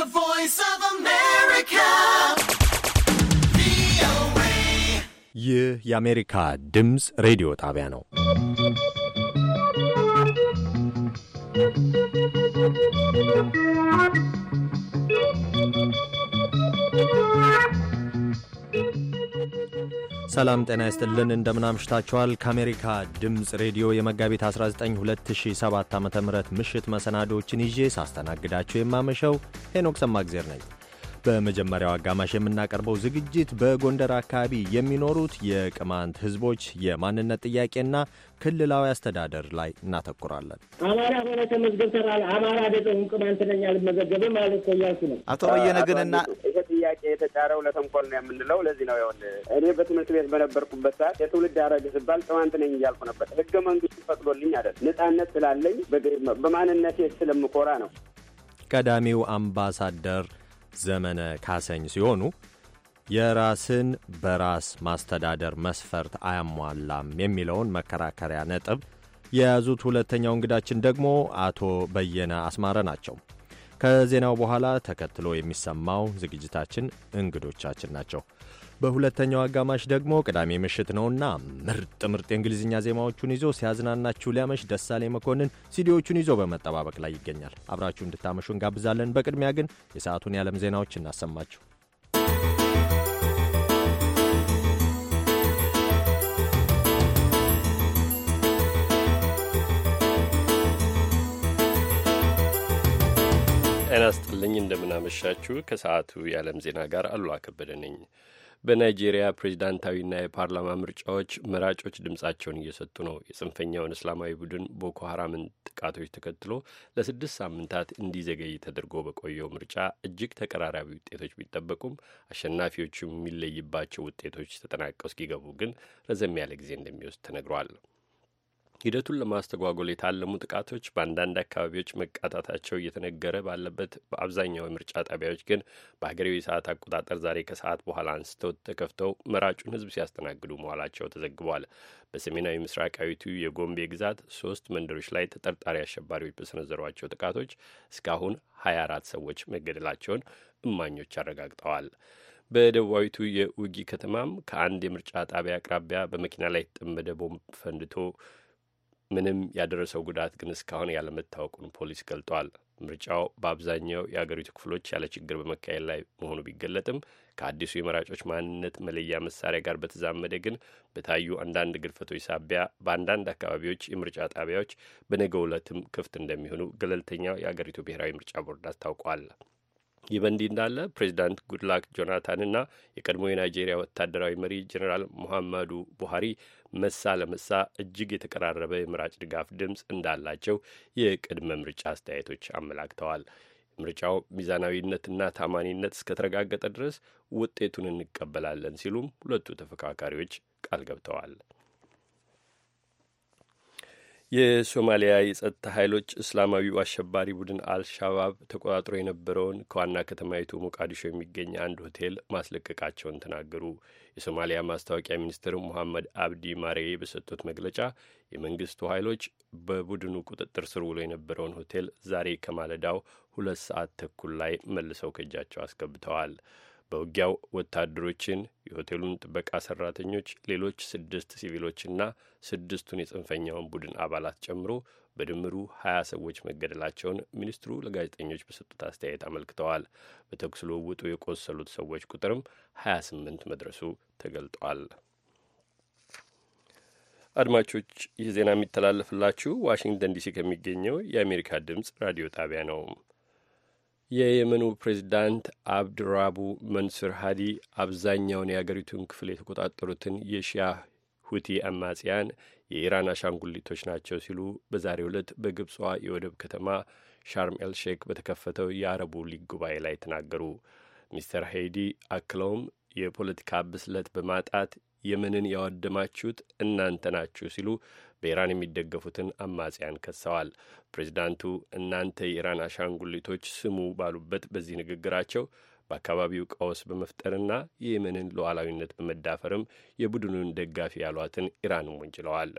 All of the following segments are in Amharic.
The voice of America. ይህ የአሜሪካ ድምፅ ሬዲዮ ጣቢያ ነው። ሰላም ጤና ይስጥልን። እንደምናምሽታችኋል። ከአሜሪካ ድምፅ ሬዲዮ የመጋቢት 19 2007 ዓ ም ምሽት መሰናዶዎችን ይዤ ሳስተናግዳችሁ የማመሸው ሄኖክ ሰማግዜር ነኝ። በመጀመሪያው አጋማሽ የምናቀርበው ዝግጅት በጎንደር አካባቢ የሚኖሩት የቅማንት ህዝቦች የማንነት ጥያቄና ክልላዊ አስተዳደር ላይ እናተኩራለን። አማራ ሆነ ተመዝገብ ተባለ። አማራ አደለሁም ቅማንት ነኝ አልመዘገብም ማለት እኮ ነው። አቶ በየነ ጥያቄ የተጫረው ለተንኮል ነው የምንለው ለዚህ ነው ይሆን። እኔ በትምህርት ቤት በነበርኩበት ሰዓት የትውልድ አረግ ስባል ጠዋንት ነኝ እያልኩ ነበር። ህገ መንግስቱ ፈቅዶልኝ አይደል፣ ነጻነት ስላለኝ በማንነቴ ስለምኮራ ነው። ቀዳሚው አምባሳደር ዘመነ ካሰኝ ሲሆኑ የራስን በራስ ማስተዳደር መስፈርት አያሟላም የሚለውን መከራከሪያ ነጥብ የያዙት ሁለተኛው እንግዳችን ደግሞ አቶ በየነ አስማረ ናቸው። ከዜናው በኋላ ተከትሎ የሚሰማው ዝግጅታችን እንግዶቻችን ናቸው። በሁለተኛው አጋማሽ ደግሞ ቅዳሜ ምሽት ነውና ምርጥ ምርጥ የእንግሊዝኛ ዜማዎቹን ይዞ ሲያዝናናችሁ ሊያመሽ ደሳሌ መኮንን ሲዲዎቹን ይዞ በመጠባበቅ ላይ ይገኛል። አብራችሁ እንድታመሹ እንጋብዛለን። በቅድሚያ ግን የሰዓቱን የዓለም ዜናዎች እናሰማችሁ። ይስጥልኝ እንደምናመሻችሁ። ከሰዓቱ የዓለም ዜና ጋር አሉላ ከበደ ነኝ። በናይጄሪያ ፕሬዚዳንታዊና የፓርላማ ምርጫዎች መራጮች ድምፃቸውን እየሰጡ ነው። የጽንፈኛውን እስላማዊ ቡድን ቦኮ ሀራምን ጥቃቶች ተከትሎ ለስድስት ሳምንታት እንዲዘገይ ተደርጎ በቆየው ምርጫ እጅግ ተቀራራቢ ውጤቶች ቢጠበቁም አሸናፊዎቹ የሚለይባቸው ውጤቶች ተጠናቀው እስኪገቡ ግን ረዘም ያለ ጊዜ እንደሚወስድ ተነግሯል። ሂደቱን ለማስተጓጎል የታለሙ ጥቃቶች በአንዳንድ አካባቢዎች መቃጣታቸው እየተነገረ ባለበት በአብዛኛው የምርጫ ጣቢያዎች ግን በሀገሬው የሰዓት አቆጣጠር ዛሬ ከሰዓት በኋላ አንስተው ተከፍተው መራጩን ሕዝብ ሲያስተናግዱ መዋላቸው ተዘግቧል። በሰሜናዊ ምስራቃዊቱ የጎምቤ ግዛት ሶስት መንደሮች ላይ ተጠርጣሪ አሸባሪዎች በሰነዘሯቸው ጥቃቶች እስካሁን 24 ሰዎች መገደላቸውን እማኞች አረጋግጠዋል። በደቡባዊቱ የውጊ ከተማም ከአንድ የምርጫ ጣቢያ አቅራቢያ በመኪና ላይ የተጠመደ ቦምብ ፈንድቶ ምንም ያደረሰው ጉዳት ግን እስካሁን ያለመታወቁን ፖሊስ ገልጧል። ምርጫው በአብዛኛው የአገሪቱ ክፍሎች ያለ ችግር በመካሄድ ላይ መሆኑ ቢገለጥም ከአዲሱ የመራጮች ማንነት መለያ መሳሪያ ጋር በተዛመደ ግን በታዩ አንዳንድ ግድፈቶች ሳቢያ በአንዳንድ አካባቢዎች የምርጫ ጣቢያዎች በነገው ዕለትም ክፍት እንደሚሆኑ ገለልተኛው የአገሪቱ ብሔራዊ ምርጫ ቦርድ አስታውቋል። ይህ በእንዲህ እንዳለ ፕሬዚዳንት ጉድላክ ጆናታንና የቀድሞ የናይጄሪያ ወታደራዊ መሪ ጀኔራል ሙሐመዱ ቡሃሪ መሳ ለመሳ እጅግ የተቀራረበ የምራጭ ድጋፍ ድምፅ እንዳላቸው የቅድመ ምርጫ አስተያየቶች አመላክተዋል። ምርጫው ሚዛናዊነትና ታማኒነት እስከተረጋገጠ ድረስ ውጤቱን እንቀበላለን ሲሉም ሁለቱ ተፎካካሪዎች ቃል ገብተዋል። የሶማሊያ የጸጥታ ኃይሎች እስላማዊው አሸባሪ ቡድን አልሻባብ ተቆጣጥሮ የነበረውን ከዋና ከተማይቱ ሞቃዲሾ የሚገኝ አንድ ሆቴል ማስለቀቃቸውን ተናገሩ። የሶማሊያ ማስታወቂያ ሚኒስትር ሙሐመድ አብዲ ማሬ በሰጡት መግለጫ የመንግስቱ ኃይሎች በቡድኑ ቁጥጥር ስር ውሎ የነበረውን ሆቴል ዛሬ ከማለዳው ሁለት ሰዓት ተኩል ላይ መልሰው ከእጃቸው አስገብተዋል። በውጊያው ወታደሮችን፣ የሆቴሉን ጥበቃ ሰራተኞች፣ ሌሎች ስድስት ሲቪሎችና ስድስቱን የጽንፈኛውን ቡድን አባላት ጨምሮ በድምሩ ሀያ ሰዎች መገደላቸውን ሚኒስትሩ ለጋዜጠኞች በሰጡት አስተያየት አመልክተዋል። በተኩስ ልውውጡ የቆሰሉት ሰዎች ቁጥርም ሀያ ስምንት መድረሱ ተገልጧል። አድማጮች ይህ ዜና የሚተላለፍላችሁ ዋሽንግተን ዲሲ ከሚገኘው የአሜሪካ ድምፅ ራዲዮ ጣቢያ ነው። የየመኑ ፕሬዚዳንት አብድራቡ መንሱር ሀዲ አብዛኛውን የአገሪቱን ክፍል የተቆጣጠሩትን የሺያ ሁቲ አማጽያን የኢራን አሻንጉሊቶች ናቸው ሲሉ በዛሬው ዕለት በግብጿ የወደብ ከተማ ሻርም ሼክ በተከፈተው የአረቡ ሊግ ጉባኤ ላይ ተናገሩ። ሚስተር ሄይዲ አክለውም የፖለቲካ ብስለት በማጣት የመንን ያወደማችሁት እናንተ ናችሁ ሲሉ በኢራን የሚደገፉትን አማጽያን ከሰዋል። ፕሬዚዳንቱ እናንተ የኢራን አሻንጉሊቶች ስሙ ባሉበት በዚህ ንግግራቸው በአካባቢው ቀውስ በመፍጠርና የየመንን ሉዓላዊነት በመዳፈርም የቡድኑን ደጋፊ ያሏትን ኢራንም ወንጅለዋል።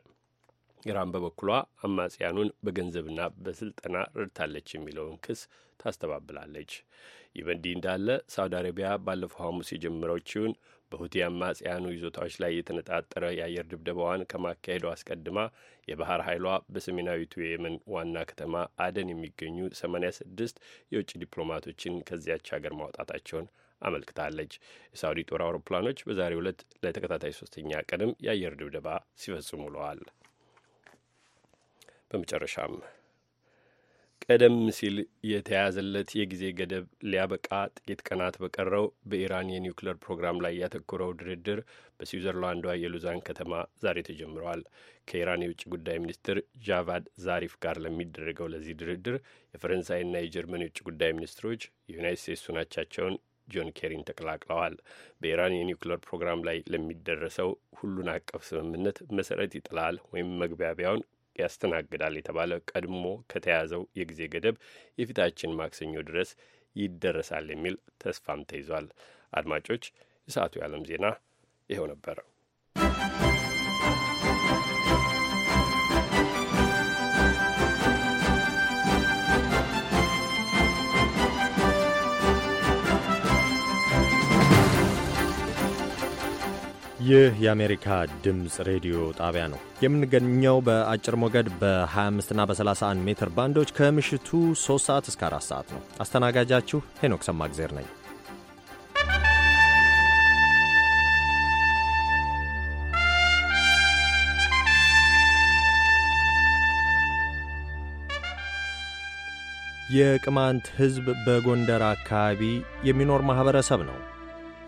ኢራን በበኩሏ አማጽያኑን በገንዘብና በስልጠና ረድታለች የሚለውን ክስ ታስተባብላለች። ይህ በእንዲህ እንዳለ ሳውዲ አረቢያ ባለፈው ሐሙስ የጀመረችውን በሁቲ አማጽያኑ ይዞታዎች ላይ የተነጣጠረ የአየር ድብደባዋን ከማካሄዱ አስቀድማ የባህር ኃይሏ በሰሜናዊቱ የየመን ዋና ከተማ አደን የሚገኙ 86 የውጭ ዲፕሎማቶችን ከዚያች ሀገር ማውጣታቸውን አመልክታለች። የሳውዲ ጦር አውሮፕላኖች በዛሬው ዕለት ለተከታታይ ሶስተኛ ቀንም የአየር ድብደባ ሲፈጽሙ ውለዋል። በመጨረሻም ቀደም ሲል የተያዘለት የጊዜ ገደብ ሊያበቃ ጥቂት ቀናት በቀረው በኢራን የኒውክሌር ፕሮግራም ላይ ያተኮረው ድርድር በስዊዘርላንዷ የሉዛን ከተማ ዛሬ ተጀምረዋል። ከኢራን የውጭ ጉዳይ ሚኒስትር ጃቫድ ዛሪፍ ጋር ለሚደረገው ለዚህ ድርድር የፈረንሳይና የጀርመን የውጭ ጉዳይ ሚኒስትሮች የዩናይት ስቴትስ አቻቸውን ጆን ኬሪን ተቀላቅለዋል። በኢራን የኒውክሌር ፕሮግራም ላይ ለሚደረሰው ሁሉን አቀፍ ስምምነት መሰረት ይጥላል ወይም መግቢያቢያውን ያስተናግዳል የተባለ ቀድሞ ከተያዘው የጊዜ ገደብ የፊታችን ማክሰኞ ድረስ ይደረሳል የሚል ተስፋም ተይዟል። አድማጮች፣ የሰዓቱ የዓለም ዜና ይኸው ነበረ። ይህ የአሜሪካ ድምፅ ሬዲዮ ጣቢያ ነው። የምንገኘው በአጭር ሞገድ በ25 እና በ31 ሜትር ባንዶች ከምሽቱ 3 ሰዓት እስከ 4 ሰዓት ነው። አስተናጋጃችሁ ሄኖክ ሰማግዜር ነኝ። የቅማንት ሕዝብ በጎንደር አካባቢ የሚኖር ማኅበረሰብ ነው።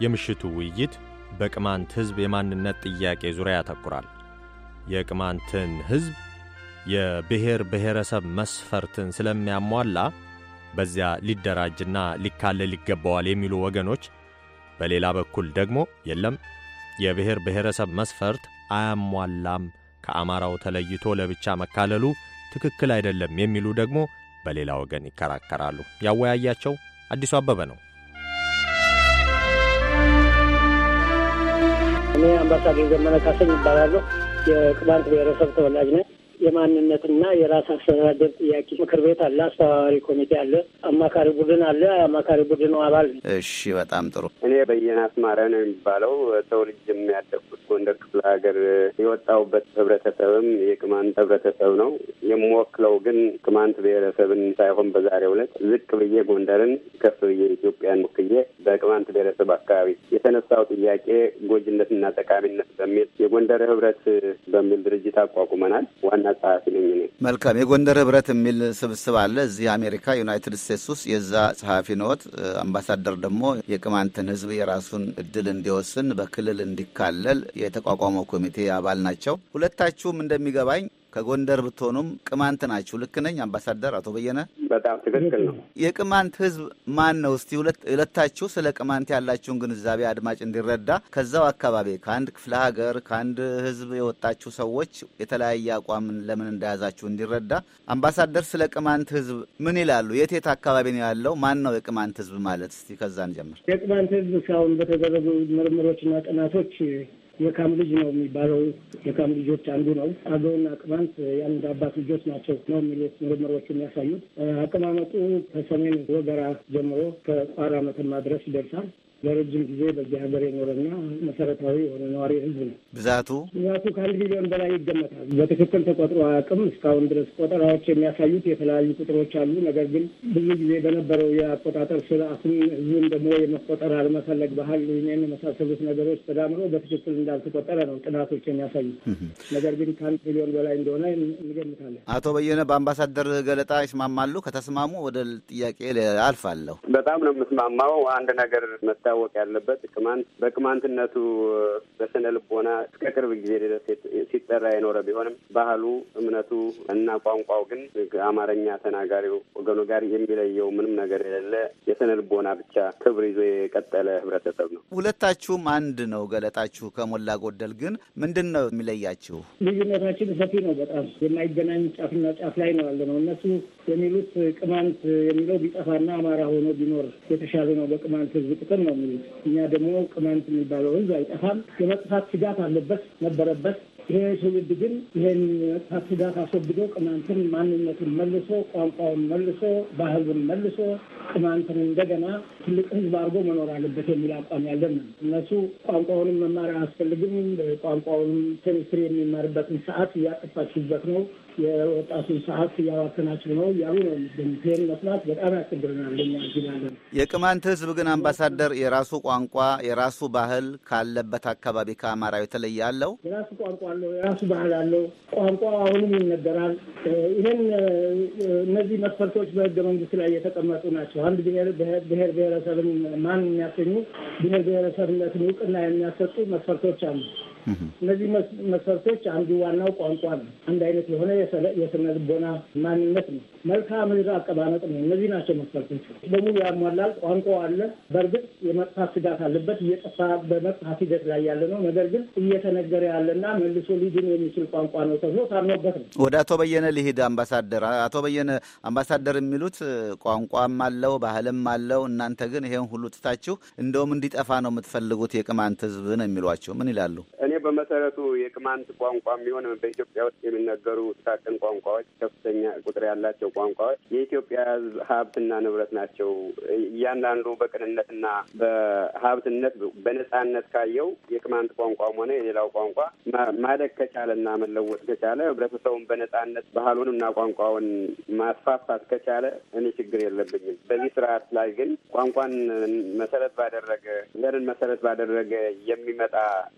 የምሽቱ ውይይት በቅማንት ሕዝብ የማንነት ጥያቄ ዙሪያ ያተኩራል። የቅማንትን ሕዝብ የብሔር ብሔረሰብ መስፈርትን ስለሚያሟላ በዚያ ሊደራጅና ሊካለል ይገባዋል የሚሉ ወገኖች፣ በሌላ በኩል ደግሞ የለም የብሔር ብሔረሰብ መስፈርት አያሟላም፣ ከአማራው ተለይቶ ለብቻ መካለሉ ትክክል አይደለም የሚሉ ደግሞ በሌላ ወገን ይከራከራሉ። ያወያያቸው አዲሱ አበበ ነው። እኔ አምባሳደር ዘመነ ካሰኝ ይባላለሁ። የቅማንት ብሔረሰብ ተወላጅ ነኝ። የማንነትና የራስ አስተዳደር ጥያቄ ምክር ቤት አለ፣ አስተባባሪ ኮሚቴ አለ፣ አማካሪ ቡድን አለ። አማካሪ ቡድኑ አባል እሺ፣ በጣም ጥሩ። እኔ በየነ አስማረ ነው የሚባለው። ልጅ ያደግኩት ጎንደር ክፍለ ሀገር፣ የወጣሁበት ህብረተሰብም የቅማንት ህብረተሰብ ነው። የምወክለው ግን ቅማንት ብሔረሰብን ሳይሆን በዛሬው ዕለት ዝቅ ብዬ ጎንደርን ከፍ ብዬ ኢትዮጵያን ወክዬ በቅማንት ብሔረሰብ አካባቢ የተነሳው ጥያቄ ጎጂነትና ጠቃሚነት በሚል የጎንደር ህብረት በሚል ድርጅት አቋቁመናል ዋና ጸሐፊ ነኝ። መልካም የጎንደር ህብረት የሚል ስብስብ አለ እዚህ አሜሪካ ዩናይትድ ስቴትስ ውስጥ የዛ ጸሐፊ ነዎት። አምባሳደር ደግሞ የቅማንትን ህዝብ የራሱን እድል እንዲወስን በክልል እንዲካለል የተቋቋመው ኮሚቴ አባል ናቸው። ሁለታችሁም እንደሚገባኝ ከጎንደር ብትሆኑም ቅማንት ናችሁ። ልክ ነኝ አምባሳደር አቶ በየነ? በጣም ትክክል ነው። የቅማንት ህዝብ ማን ነው? እስቲ ሁለታችሁ ስለ ቅማንት ያላችሁን ግንዛቤ አድማጭ እንዲረዳ ከዛው አካባቢ ከአንድ ክፍለ ሀገር ከአንድ ህዝብ የወጣችሁ ሰዎች የተለያየ አቋም ለምን እንደያዛችሁ እንዲረዳ አምባሳደር ስለ ቅማንት ህዝብ ምን ይላሉ? የት የት አካባቢ ነው ያለው? ማን ነው የቅማንት ህዝብ ማለት? እስቲ ከዛን ጀምር። የቅማንት ህዝብ እስካሁን በተደረጉ ምርምሮችና ጥናቶች የካም ልጅ ነው የሚባለው። የካም ልጆች አንዱ ነው። አገውና ቅማንት የአንድ አባት ልጆች ናቸው ነው የሚሉት ምርምሮች የሚያሳዩት። አቀማመጡ ከሰሜን ወገራ ጀምሮ ከቋራ መተማ ድረስ ይደርሳል። ለረጅም ጊዜ በዚህ ሀገር የኖረና መሰረታዊ የሆነ ነዋሪ ህዝብ ነው። ብዛቱ ብዛቱ ከአንድ ሚሊዮን በላይ ይገመታል። በትክክል ተቆጥሮ አያውቅም። እስካሁን ድረስ ቆጠራዎች የሚያሳዩት የተለያዩ ቁጥሮች አሉ። ነገር ግን ብዙ ጊዜ በነበረው የአቆጣጠር ስርዓቱን ህዝብን ደግሞ የመቆጠር አለመፈለግ ባህል፣ ይህን የመሳሰሉት ነገሮች ተዳምሮ በትክክል እንዳልተቆጠረ ነው ጥናቶች የሚያሳዩት። ነገር ግን ከአንድ ሚሊዮን በላይ እንደሆነ እንገምታለን። አቶ በየነ በአምባሳደር ገለጣ ይስማማሉ? ከተስማሙ ወደ ጥያቄ አልፋለሁ። በጣም ነው የምስማማው አንድ ነገር መጣ መታወቅ ያለበት ቅማንት በቅማንትነቱ በስነ ልቦና እስከ ቅርብ ጊዜ ድረስ ሲጠራ የኖረ ቢሆንም ባህሉ፣ እምነቱ እና ቋንቋው ግን አማርኛ ተናጋሪው ወገኑ ጋር የሚለየው ምንም ነገር የሌለ የስነ ልቦና ብቻ ክብር ይዞ የቀጠለ ህብረተሰብ ነው። ሁለታችሁም አንድ ነው ገለጣችሁ ከሞላ ጎደል። ግን ምንድን ነው የሚለያችሁ? ልዩነታችን ሰፊ ነው። በጣም የማይገናኝ ጫፍና ጫፍ ላይ ነው ያለ ነው። እነሱ የሚሉት ቅማንት የሚለው ቢጠፋና አማራ ሆኖ ቢኖር የተሻለ ነው በቅማንት ህዝብ ጥቅም ነው እኛ ደግሞ ቅማንት የሚባለው ህዝብ አይጠፋም። የመጥፋት ስጋት አለበት ነበረበት። ይሄ ትውልድ ግን ይሄን የመጥፋት ስጋት አስወግዶ ቅማንትን ማንነትን መልሶ ቋንቋውን መልሶ ባህሉን መልሶ ቅማንትን እንደገና ትልቅ ህዝብ አድርጎ መኖር አለበት የሚል አቋም ያለን ነው። እነሱ ቋንቋውንም መማር አያስፈልግም፣ ቋንቋውንም ኬሚስትሪ የሚማርበትን ሰዓት እያጠፋችበት ነው የወጣቱን ሰዓት እያባከናችሁ ነው እያሉ ነው የሚገኙት። ይህን መስማት በጣም ያስቸግረናል። ለኛ የቅማንት ህዝብ ግን አምባሳደር የራሱ ቋንቋ የራሱ ባህል ካለበት አካባቢ ከአማራው የተለየ አለው። የራሱ ቋንቋ አለው፣ የራሱ ባህል አለው። ቋንቋ አሁንም ይነገራል። ይህን እነዚህ መስፈርቶች በህገ መንግስት ላይ የተቀመጡ ናቸው። አንድ ብሔር ብሔረሰብን ማን የሚያሰኙ ብሔር ብሔረሰብነትን እውቅና የሚያሰጡ መስፈርቶች አሉ። እነዚህ መስፈርቶች አንዱ ዋናው ቋንቋ ነው። አንድ አይነት የሆነ የስነ ልቦና ማንነት ነው። መልክዓ ምድር አቀማመጥ ነው። እነዚህ ናቸው መስፈርቶች። በሙሉ ያሟላል። ቋንቋ አለ። በእርግጥ የመጥፋት ስጋት አለበት፣ እየጠፋ በመጥፋት ሂደት ላይ ያለ ነው። ነገር ግን እየተነገረ ያለና መልሶ ሊድን የሚችል ቋንቋ ነው ተብሎ ታምኖበት ነው። ወደ አቶ በየነ ልሂድ። አምባሳደር አቶ በየነ አምባሳደር የሚሉት ቋንቋም አለው ባህልም አለው። እናንተ ግን ይሄን ሁሉ ትታችሁ እንደውም እንዲጠፋ ነው የምትፈልጉት የቅማንት ህዝብ ነው የሚሏቸው ምን ይላሉ? እኔ በመሰረቱ የቅማንት ቋንቋ የሚሆን በኢትዮጵያ ውስጥ የሚነገሩ ጥቃቅን ቋንቋዎች፣ ከፍተኛ ቁጥር ያላቸው ቋንቋዎች የኢትዮጵያ ሕዝብ ሀብትና ንብረት ናቸው። እያንዳንዱ በቅንነትና በሀብትነት በነጻነት ካየው የቅማንት ቋንቋም ሆነ የሌላው ቋንቋ ማደግ ከቻለና መለወጥ ከቻለ ህብረተሰቡን በነጻነት ባህሉንና ቋንቋውን ማስፋፋት ከቻለ እኔ ችግር የለብኝም። በዚህ ስርዓት ላይ ግን ቋንቋን መሰረት ባደረገ ዘርን መሰረት ባደረገ የሚመጣ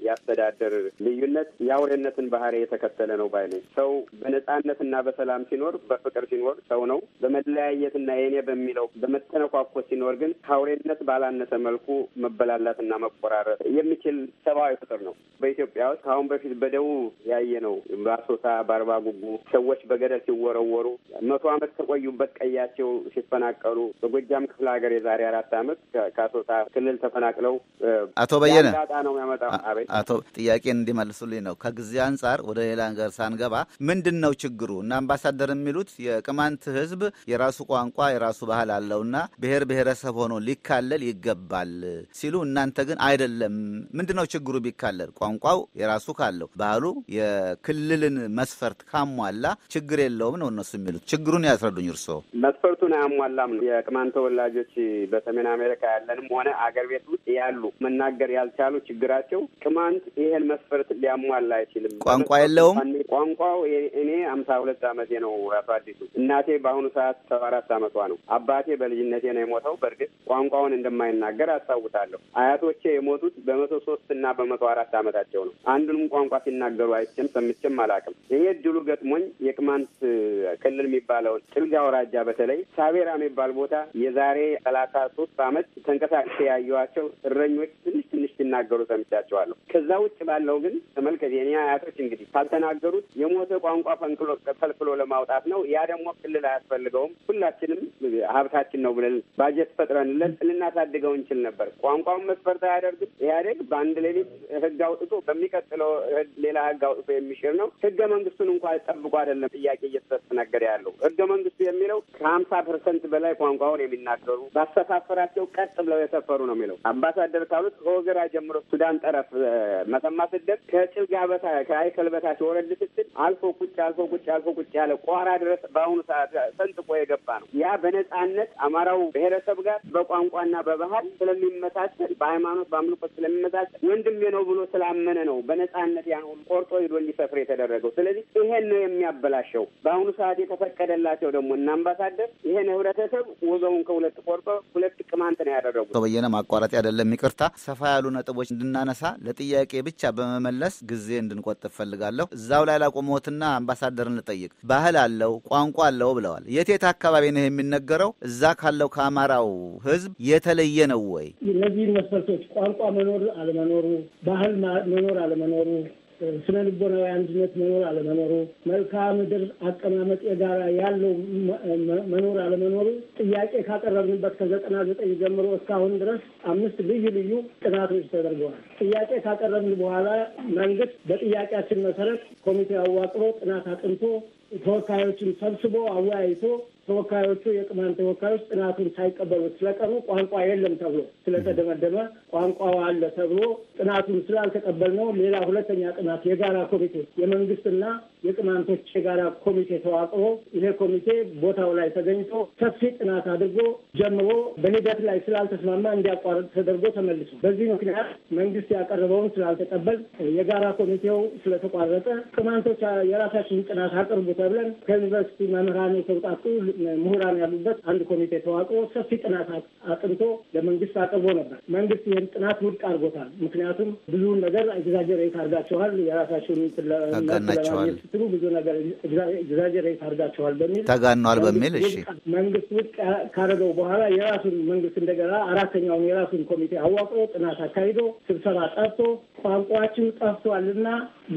ያስተዳደ የሚፈጥር ልዩነት የአውሬነትን ባህሪ የተከተለ ነው ባይ ነኝ። ሰው በነጻነትና በሰላም ሲኖር፣ በፍቅር ሲኖር ሰው ነው። በመለያየትና የኔ በሚለው በመተነኳኮስ ሲኖር ግን ከአውሬነት ባላነሰ መልኩ መበላላትና መቆራረጥ የሚችል ሰብአዊ ፍጡር ነው። በኢትዮጵያ ውስጥ ከአሁን በፊት በደቡብ ያየ ነው። በአሶሳ በአርባ ጉቡ ሰዎች በገደል ሲወረወሩ መቶ ዓመት ከቆዩበት ቀያቸው ሲፈናቀሉ በጎጃም ክፍለ ሀገር የዛሬ አራት ዓመት ከአሶሳ ክልል ተፈናቅለው አቶ በየነ ነው ያመጣ አቶ ጥያቄን እንዲመልሱልኝ ነው። ከጊዜ አንጻር ወደ ሌላ ነገር ሳንገባ ምንድን ነው ችግሩ? እና አምባሳደር የሚሉት የቅማንት ህዝብ የራሱ ቋንቋ የራሱ ባህል አለውና ብሔር ብሔረሰብ ሆኖ ሊካለል ይገባል ሲሉ፣ እናንተ ግን አይደለም። ምንድን ነው ችግሩ? ቢካለል ቋንቋው የራሱ ካለው ባህሉ የክልልን መስፈርት ካሟላ ችግር የለውም ነው እነሱ የሚሉት። ችግሩን ያስረዱኝ እርስዎ። መስፈርቱን አያሟላም ነው የቅማንት ተወላጆች በሰሜን አሜሪካ ያለንም ሆነ አገር ቤት ውስጥ ያሉ መናገር ያልቻሉ ችግራቸው ቅማንት ይሄ ያን መስፈርት ሊያሟላ አይችልም። ቋንቋ የለውም። ቋንቋው እኔ አምሳ ሁለት አመቴ ነው አቶ አዲሱ። እናቴ በአሁኑ ሰዓት ሰባ አራት አመቷ ነው። አባቴ በልጅነቴ ነው የሞተው። በእርግጥ ቋንቋውን እንደማይናገር አስታውሳለሁ። አያቶቼ የሞቱት በመቶ ሶስት እና በመቶ አራት አመታቸው ነው። አንዱንም ቋንቋ ሲናገሩ አይችም ሰምቼም አላውቅም። ይሄ እድሉ ገጥሞኝ የቅማንት ክልል የሚባለውን ጭልጋ አውራጃ በተለይ ሳቤራ የሚባል ቦታ የዛሬ ሰላሳ ሶስት አመት ተንቀሳቅሴ ያየኋቸው እረኞች ትንሽ ትንሽ ሲናገሩ ሰምቻቸዋለሁ። ከዛ ውጭ አስባለሁ። ግን ተመልከት፣ የኔ አያቶች እንግዲህ ካልተናገሩት የሞተ ቋንቋ ፈንክሎ ፈልፍሎ ለማውጣት ነው። ያ ደግሞ ክልል አያስፈልገውም። ሁላችንም ሀብታችን ነው ብለን ባጀት ፈጥረንለት ልናሳድገው እንችል ነበር። ቋንቋውን መስፈርት አያደርግም። ኢህአዴግ በአንድ ሌሊት ህግ አውጥቶ በሚቀጥለው ሌላ ህግ አውጥቶ የሚሽር ነው። ህገ መንግስቱን እንኳን ጠብቆ አይደለም ጥያቄ እየተስተናገደ ያለው። ህገ መንግስቱ የሚለው ከሀምሳ ፐርሰንት በላይ ቋንቋውን የሚናገሩ ባሰፋፈራቸው ቀጥ ብለው የሰፈሩ ነው የሚለው። አምባሳደር ካሉት ከወገራ ጀምሮ ሱዳን ጠረፍ መተማ ስትደቅ ከጭልጋ በታ ከአይከል በታች ወረድ ስትል አልፎ ቁጭ አልፎ ቁጭ አልፎ ቁጭ ያለ ቋራ ድረስ በአሁኑ ሰዓት ሰንጥቆ የገባ ነው። ያ በነጻነት አማራው ብሔረሰብ ጋር በቋንቋና በባህል ስለሚመሳሰል በሃይማኖት በአምልኮት ስለሚመሳሰል ወንድሜ ነው ብሎ ስላመነ ነው በነጻነት ያን ሁሉ ቆርጦ ሂዶ እንዲሰፍር የተደረገው። ስለዚህ ይሄን ነው የሚያበላሸው። በአሁኑ ሰዓት የተፈቀደላቸው ደግሞ እና አምባሳደር ይሄን ህብረተሰብ ወገውን ከሁለት ቆርጦ ሁለት ቅማንት ነው ያደረጉት። በየነ ማቋረጥ አይደለም ይቅርታ፣ ሰፋ ያሉ ነጥቦች እንድናነሳ ለጥያቄ ብቻ በመመለስ ጊዜ እንድንቆጥብ ፈልጋለሁ። እዛው ላይ ላቆመትና አምባሳደር እንጠይቅ ባህል አለው ቋንቋ አለው ብለዋል። የቴት አካባቢ ነው የሚነገረው? እዛ ካለው ከአማራው ህዝብ የተለየ ነው ወይ? እነዚህን መስፈርቶች ቋንቋ መኖር አለመኖሩ፣ ባህል መኖር አለመኖሩ ስነ ልቦናዊ አንድነት መኖር አለመኖሩ፣ መልክዓ ምድር አቀማመጥ የጋራ ያለው መኖር አለመኖሩ ጥያቄ ካቀረብንበት ከዘጠና ዘጠኝ ጀምሮ እስካሁን ድረስ አምስት ልዩ ልዩ ጥናቶች ተደርገዋል። ጥያቄ ካቀረብን በኋላ መንግስት በጥያቄያችን መሰረት ኮሚቴ አዋቅሮ ጥናት አጥንቶ ተወካዮችን ሰብስቦ አወያይቶ ተወካዮቹ የቅማን ተወካዮች ጥናቱን ሳይቀበሉ ስለቀሩ ቋንቋ የለም ተብሎ ስለተደመደመ ቋንቋ አለ ተብሎ ጥናቱን ስላልተቀበልነው ሌላ ሁለተኛ ጥናት የጋራ ኮሚቴ የመንግስትና የቅማንቶች የጋራ ኮሚቴ ተዋቅሮ ይሄ ኮሚቴ ቦታው ላይ ተገኝቶ ሰፊ ጥናት አድርጎ ጀምሮ በሂደት ላይ ስላልተስማማ እንዲያቋርጥ ተደርጎ ተመልሶ በዚህ ምክንያት መንግስት ያቀረበውን ስላልተቀበል የጋራ ኮሚቴው ስለተቋረጠ ቅማንቶች የራሳችን ጥናት አቅርቡ ተብለን ከዩኒቨርሲቲ መምህራን የተውጣጡ ምሁራን ያሉበት አንድ ኮሚቴ ተዋቅሮ ሰፊ ጥናት አጥንቶ ለመንግስት አቅርቦ ነበር። መንግስት ይህን ጥናት ውድቅ አድርጎታል። ምክንያቱም ብዙውን ነገር ኤግዛጀሬት አድርጋችኋል፣ የራሳቸውን ለማግኘት ስትሉ ብዙ ነገር ኤግዛጀሬት አድርጋችኋል በሚል ተጋኗል በሚል እሺ፣ መንግስት ውድቅ ካደረገው በኋላ የራሱን መንግስት እንደገና አራተኛውን የራሱን ኮሚቴ አዋቅሮ ጥናት አካሂዶ ስብሰባ ጠርቶ ቋንቋችን ጠፍቷልና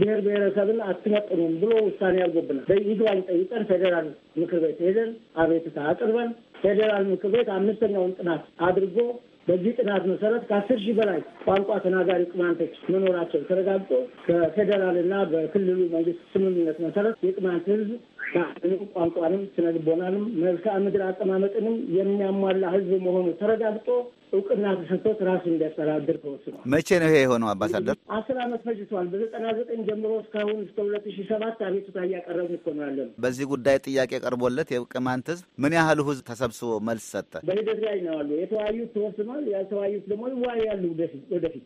ብሔር ብሔረሰብን አትመጥኑም ብሎ ውሳኔ ያልጎብናል። በይግባኝ ጠይቀን ፌዴራል ምክር ቤት ሄደን አቤቱታ አቅርበን ፌዴራል ምክር ቤት አምስተኛውን ጥናት አድርጎ በዚህ ጥናት መሰረት ከአስር ሺህ በላይ ቋንቋ ተናጋሪ ቅማንቶች መኖራቸው ተረጋግጦ በፌዴራልና በክልሉ መንግስት ስምምነት መሰረት የቅማንት ህዝብ ቋንቋንም ስነ ልቦናንም መልክዓ ምድር አቀማመጥንም የሚያሟላ ህዝብ መሆኑ ተረጋግጦ እውቅና ተሰጥቶት ራሱ እንዲያስተዳድር ተወስኗል። መቼ ነው ይሄ የሆነው? አምባሳደር አስር አመት ፈጅቷል። በዘጠና ዘጠኝ ጀምሮ እስካሁን እስከ ሁለት ሺ ሰባት አቤቱታ እያቀረብን እኮ ነው በዚህ ጉዳይ ጥያቄ ቀርቦለት የቅማንት ሕዝብ ምን ያህሉ ሕዝብ ተሰብስቦ መልስ ሰጠ? በሂደት ላይ ነው ያሉ። የተወያዩት ተወስኗል፣ ያልተወያዩት ደግሞ ይወያያሉ ወደፊት።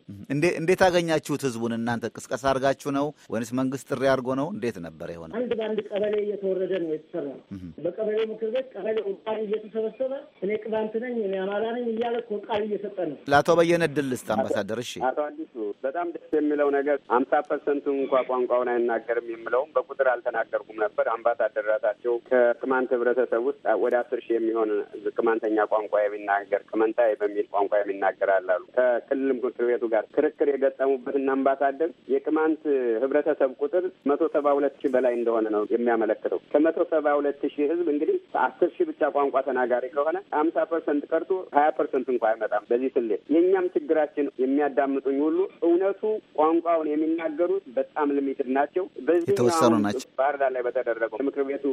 እንዴት አገኛችሁት? ህዝቡን እናንተ ቅስቀሳ አድርጋችሁ ነው ወይንስ መንግስት ጥሪ አድርጎ ነው? እንዴት ነበር የሆነ? አንድ በአንድ ቀበሌ እየወረደ ነው የተሰራ ነው። በቀበሌው ምክር ቤት ቀበሌው ቃል እየተሰበሰበ እኔ ቅማንት ነኝ እኔ አማራ ነኝ እያለ እኮ ቃል እየሰጠ ነው። ለአቶ በየነ ድል አምባሳደር። እሺ አቶ አዲሱ በጣም ደስ የሚለው ነገር አምሳ ፐርሰንቱ እንኳ ቋንቋውን አይናገርም የምለውም በቁጥር አልተናገርኩም ነበር። አምባሳደር ራሳቸው ከቅማንት ህብረተሰብ ውስጥ ወደ አስር ሺህ የሚሆን ቅማንተኛ ቋንቋ የሚናገር ቅመንታ በሚል ቋንቋ የሚናገር አላሉ። ከክልል ምክር ቤቱ ጋር ክርክር የገጠሙበትና አምባሳደር የቅማንት ህብረተሰብ ቁጥር መቶ ሰባ ሁለት ሺህ በላይ እንደሆነ ነው የሚያመለክተው። ከመቶ ሰባ ሁለት ሺህ ህዝብ እንግዲህ አስር ሺህ ብቻ ቋንቋ ተናጋሪ ከሆነ ሀምሳ ፐርሰንት ቀርቶ ሀያ ፐርሰንት እንኳ አይመጣም። በዚህ ስሌት የእኛም ችግራችን የሚያዳምጡኝ ሁሉ እውነቱ ቋንቋውን የሚናገሩት በጣም ልሚትድ ናቸው። በዚህ የተወሰኑ ናቸው። ባህር ዳር ላይ በተደረገው ምክር ቤቱ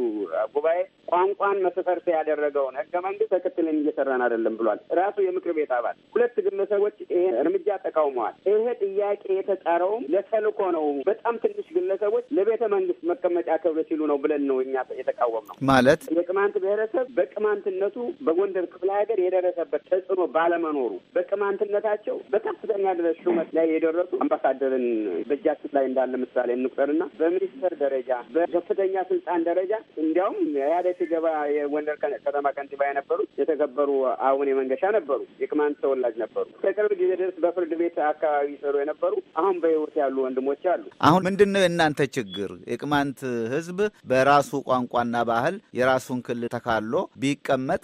ጉባኤ ቋንቋን መሰፈርተ ያደረገውን ህገ መንግስት ተከትለን እየሰራን አይደለም ብሏል ራሱ የምክር ቤት አባል። ሁለት ግለሰቦች ይሄን እርምጃ ተቃውመዋል። ይሄ ጥያቄ የተጻረውም ለተልእኮ ነው። በጣም ትንሽ ግለሰቦች ለቤተ መንግስት መቀመጫ ክብር ሲሉ ነው ብለን ነው እኛ የተቃወም ነው ማለት የቅማንት ብሔረሰብ በቅማንትነቱ በጎንደር ክፍለ ሀገር የደረሰበት ተጽዕኖ ባለመኖሩ በቅማንትነታቸው በከፍተኛ ድረስ ሹመት ላይ የደረሱ አምባሳደርን በእጃችን ላይ እንዳለ ምሳሌ እንቁጠርና በሚኒስተር ደረጃ በከፍተኛ ስልጣን ደረጃ እንዲያውም ኢህአዴግ ሲገባ የጎንደር ከተማ ከንቲባ የነበሩት የተከበሩ አሁን መንገሻ ነበሩ። የቅማንት ተወላጅ ነበሩ። ከቅርብ ጊዜ ድረስ በፍርድ ቤት አካባቢ ሰሩ የነበሩ አሁን በህይወት ያሉ ወንድሞች አሉ። አሁን ምንድን ነው የእናንተ ችግር? የቅማንት ህዝብ በራ የራሱ ቋንቋና ባህል የራሱን ክልል ተካሎ ቢቀመጥ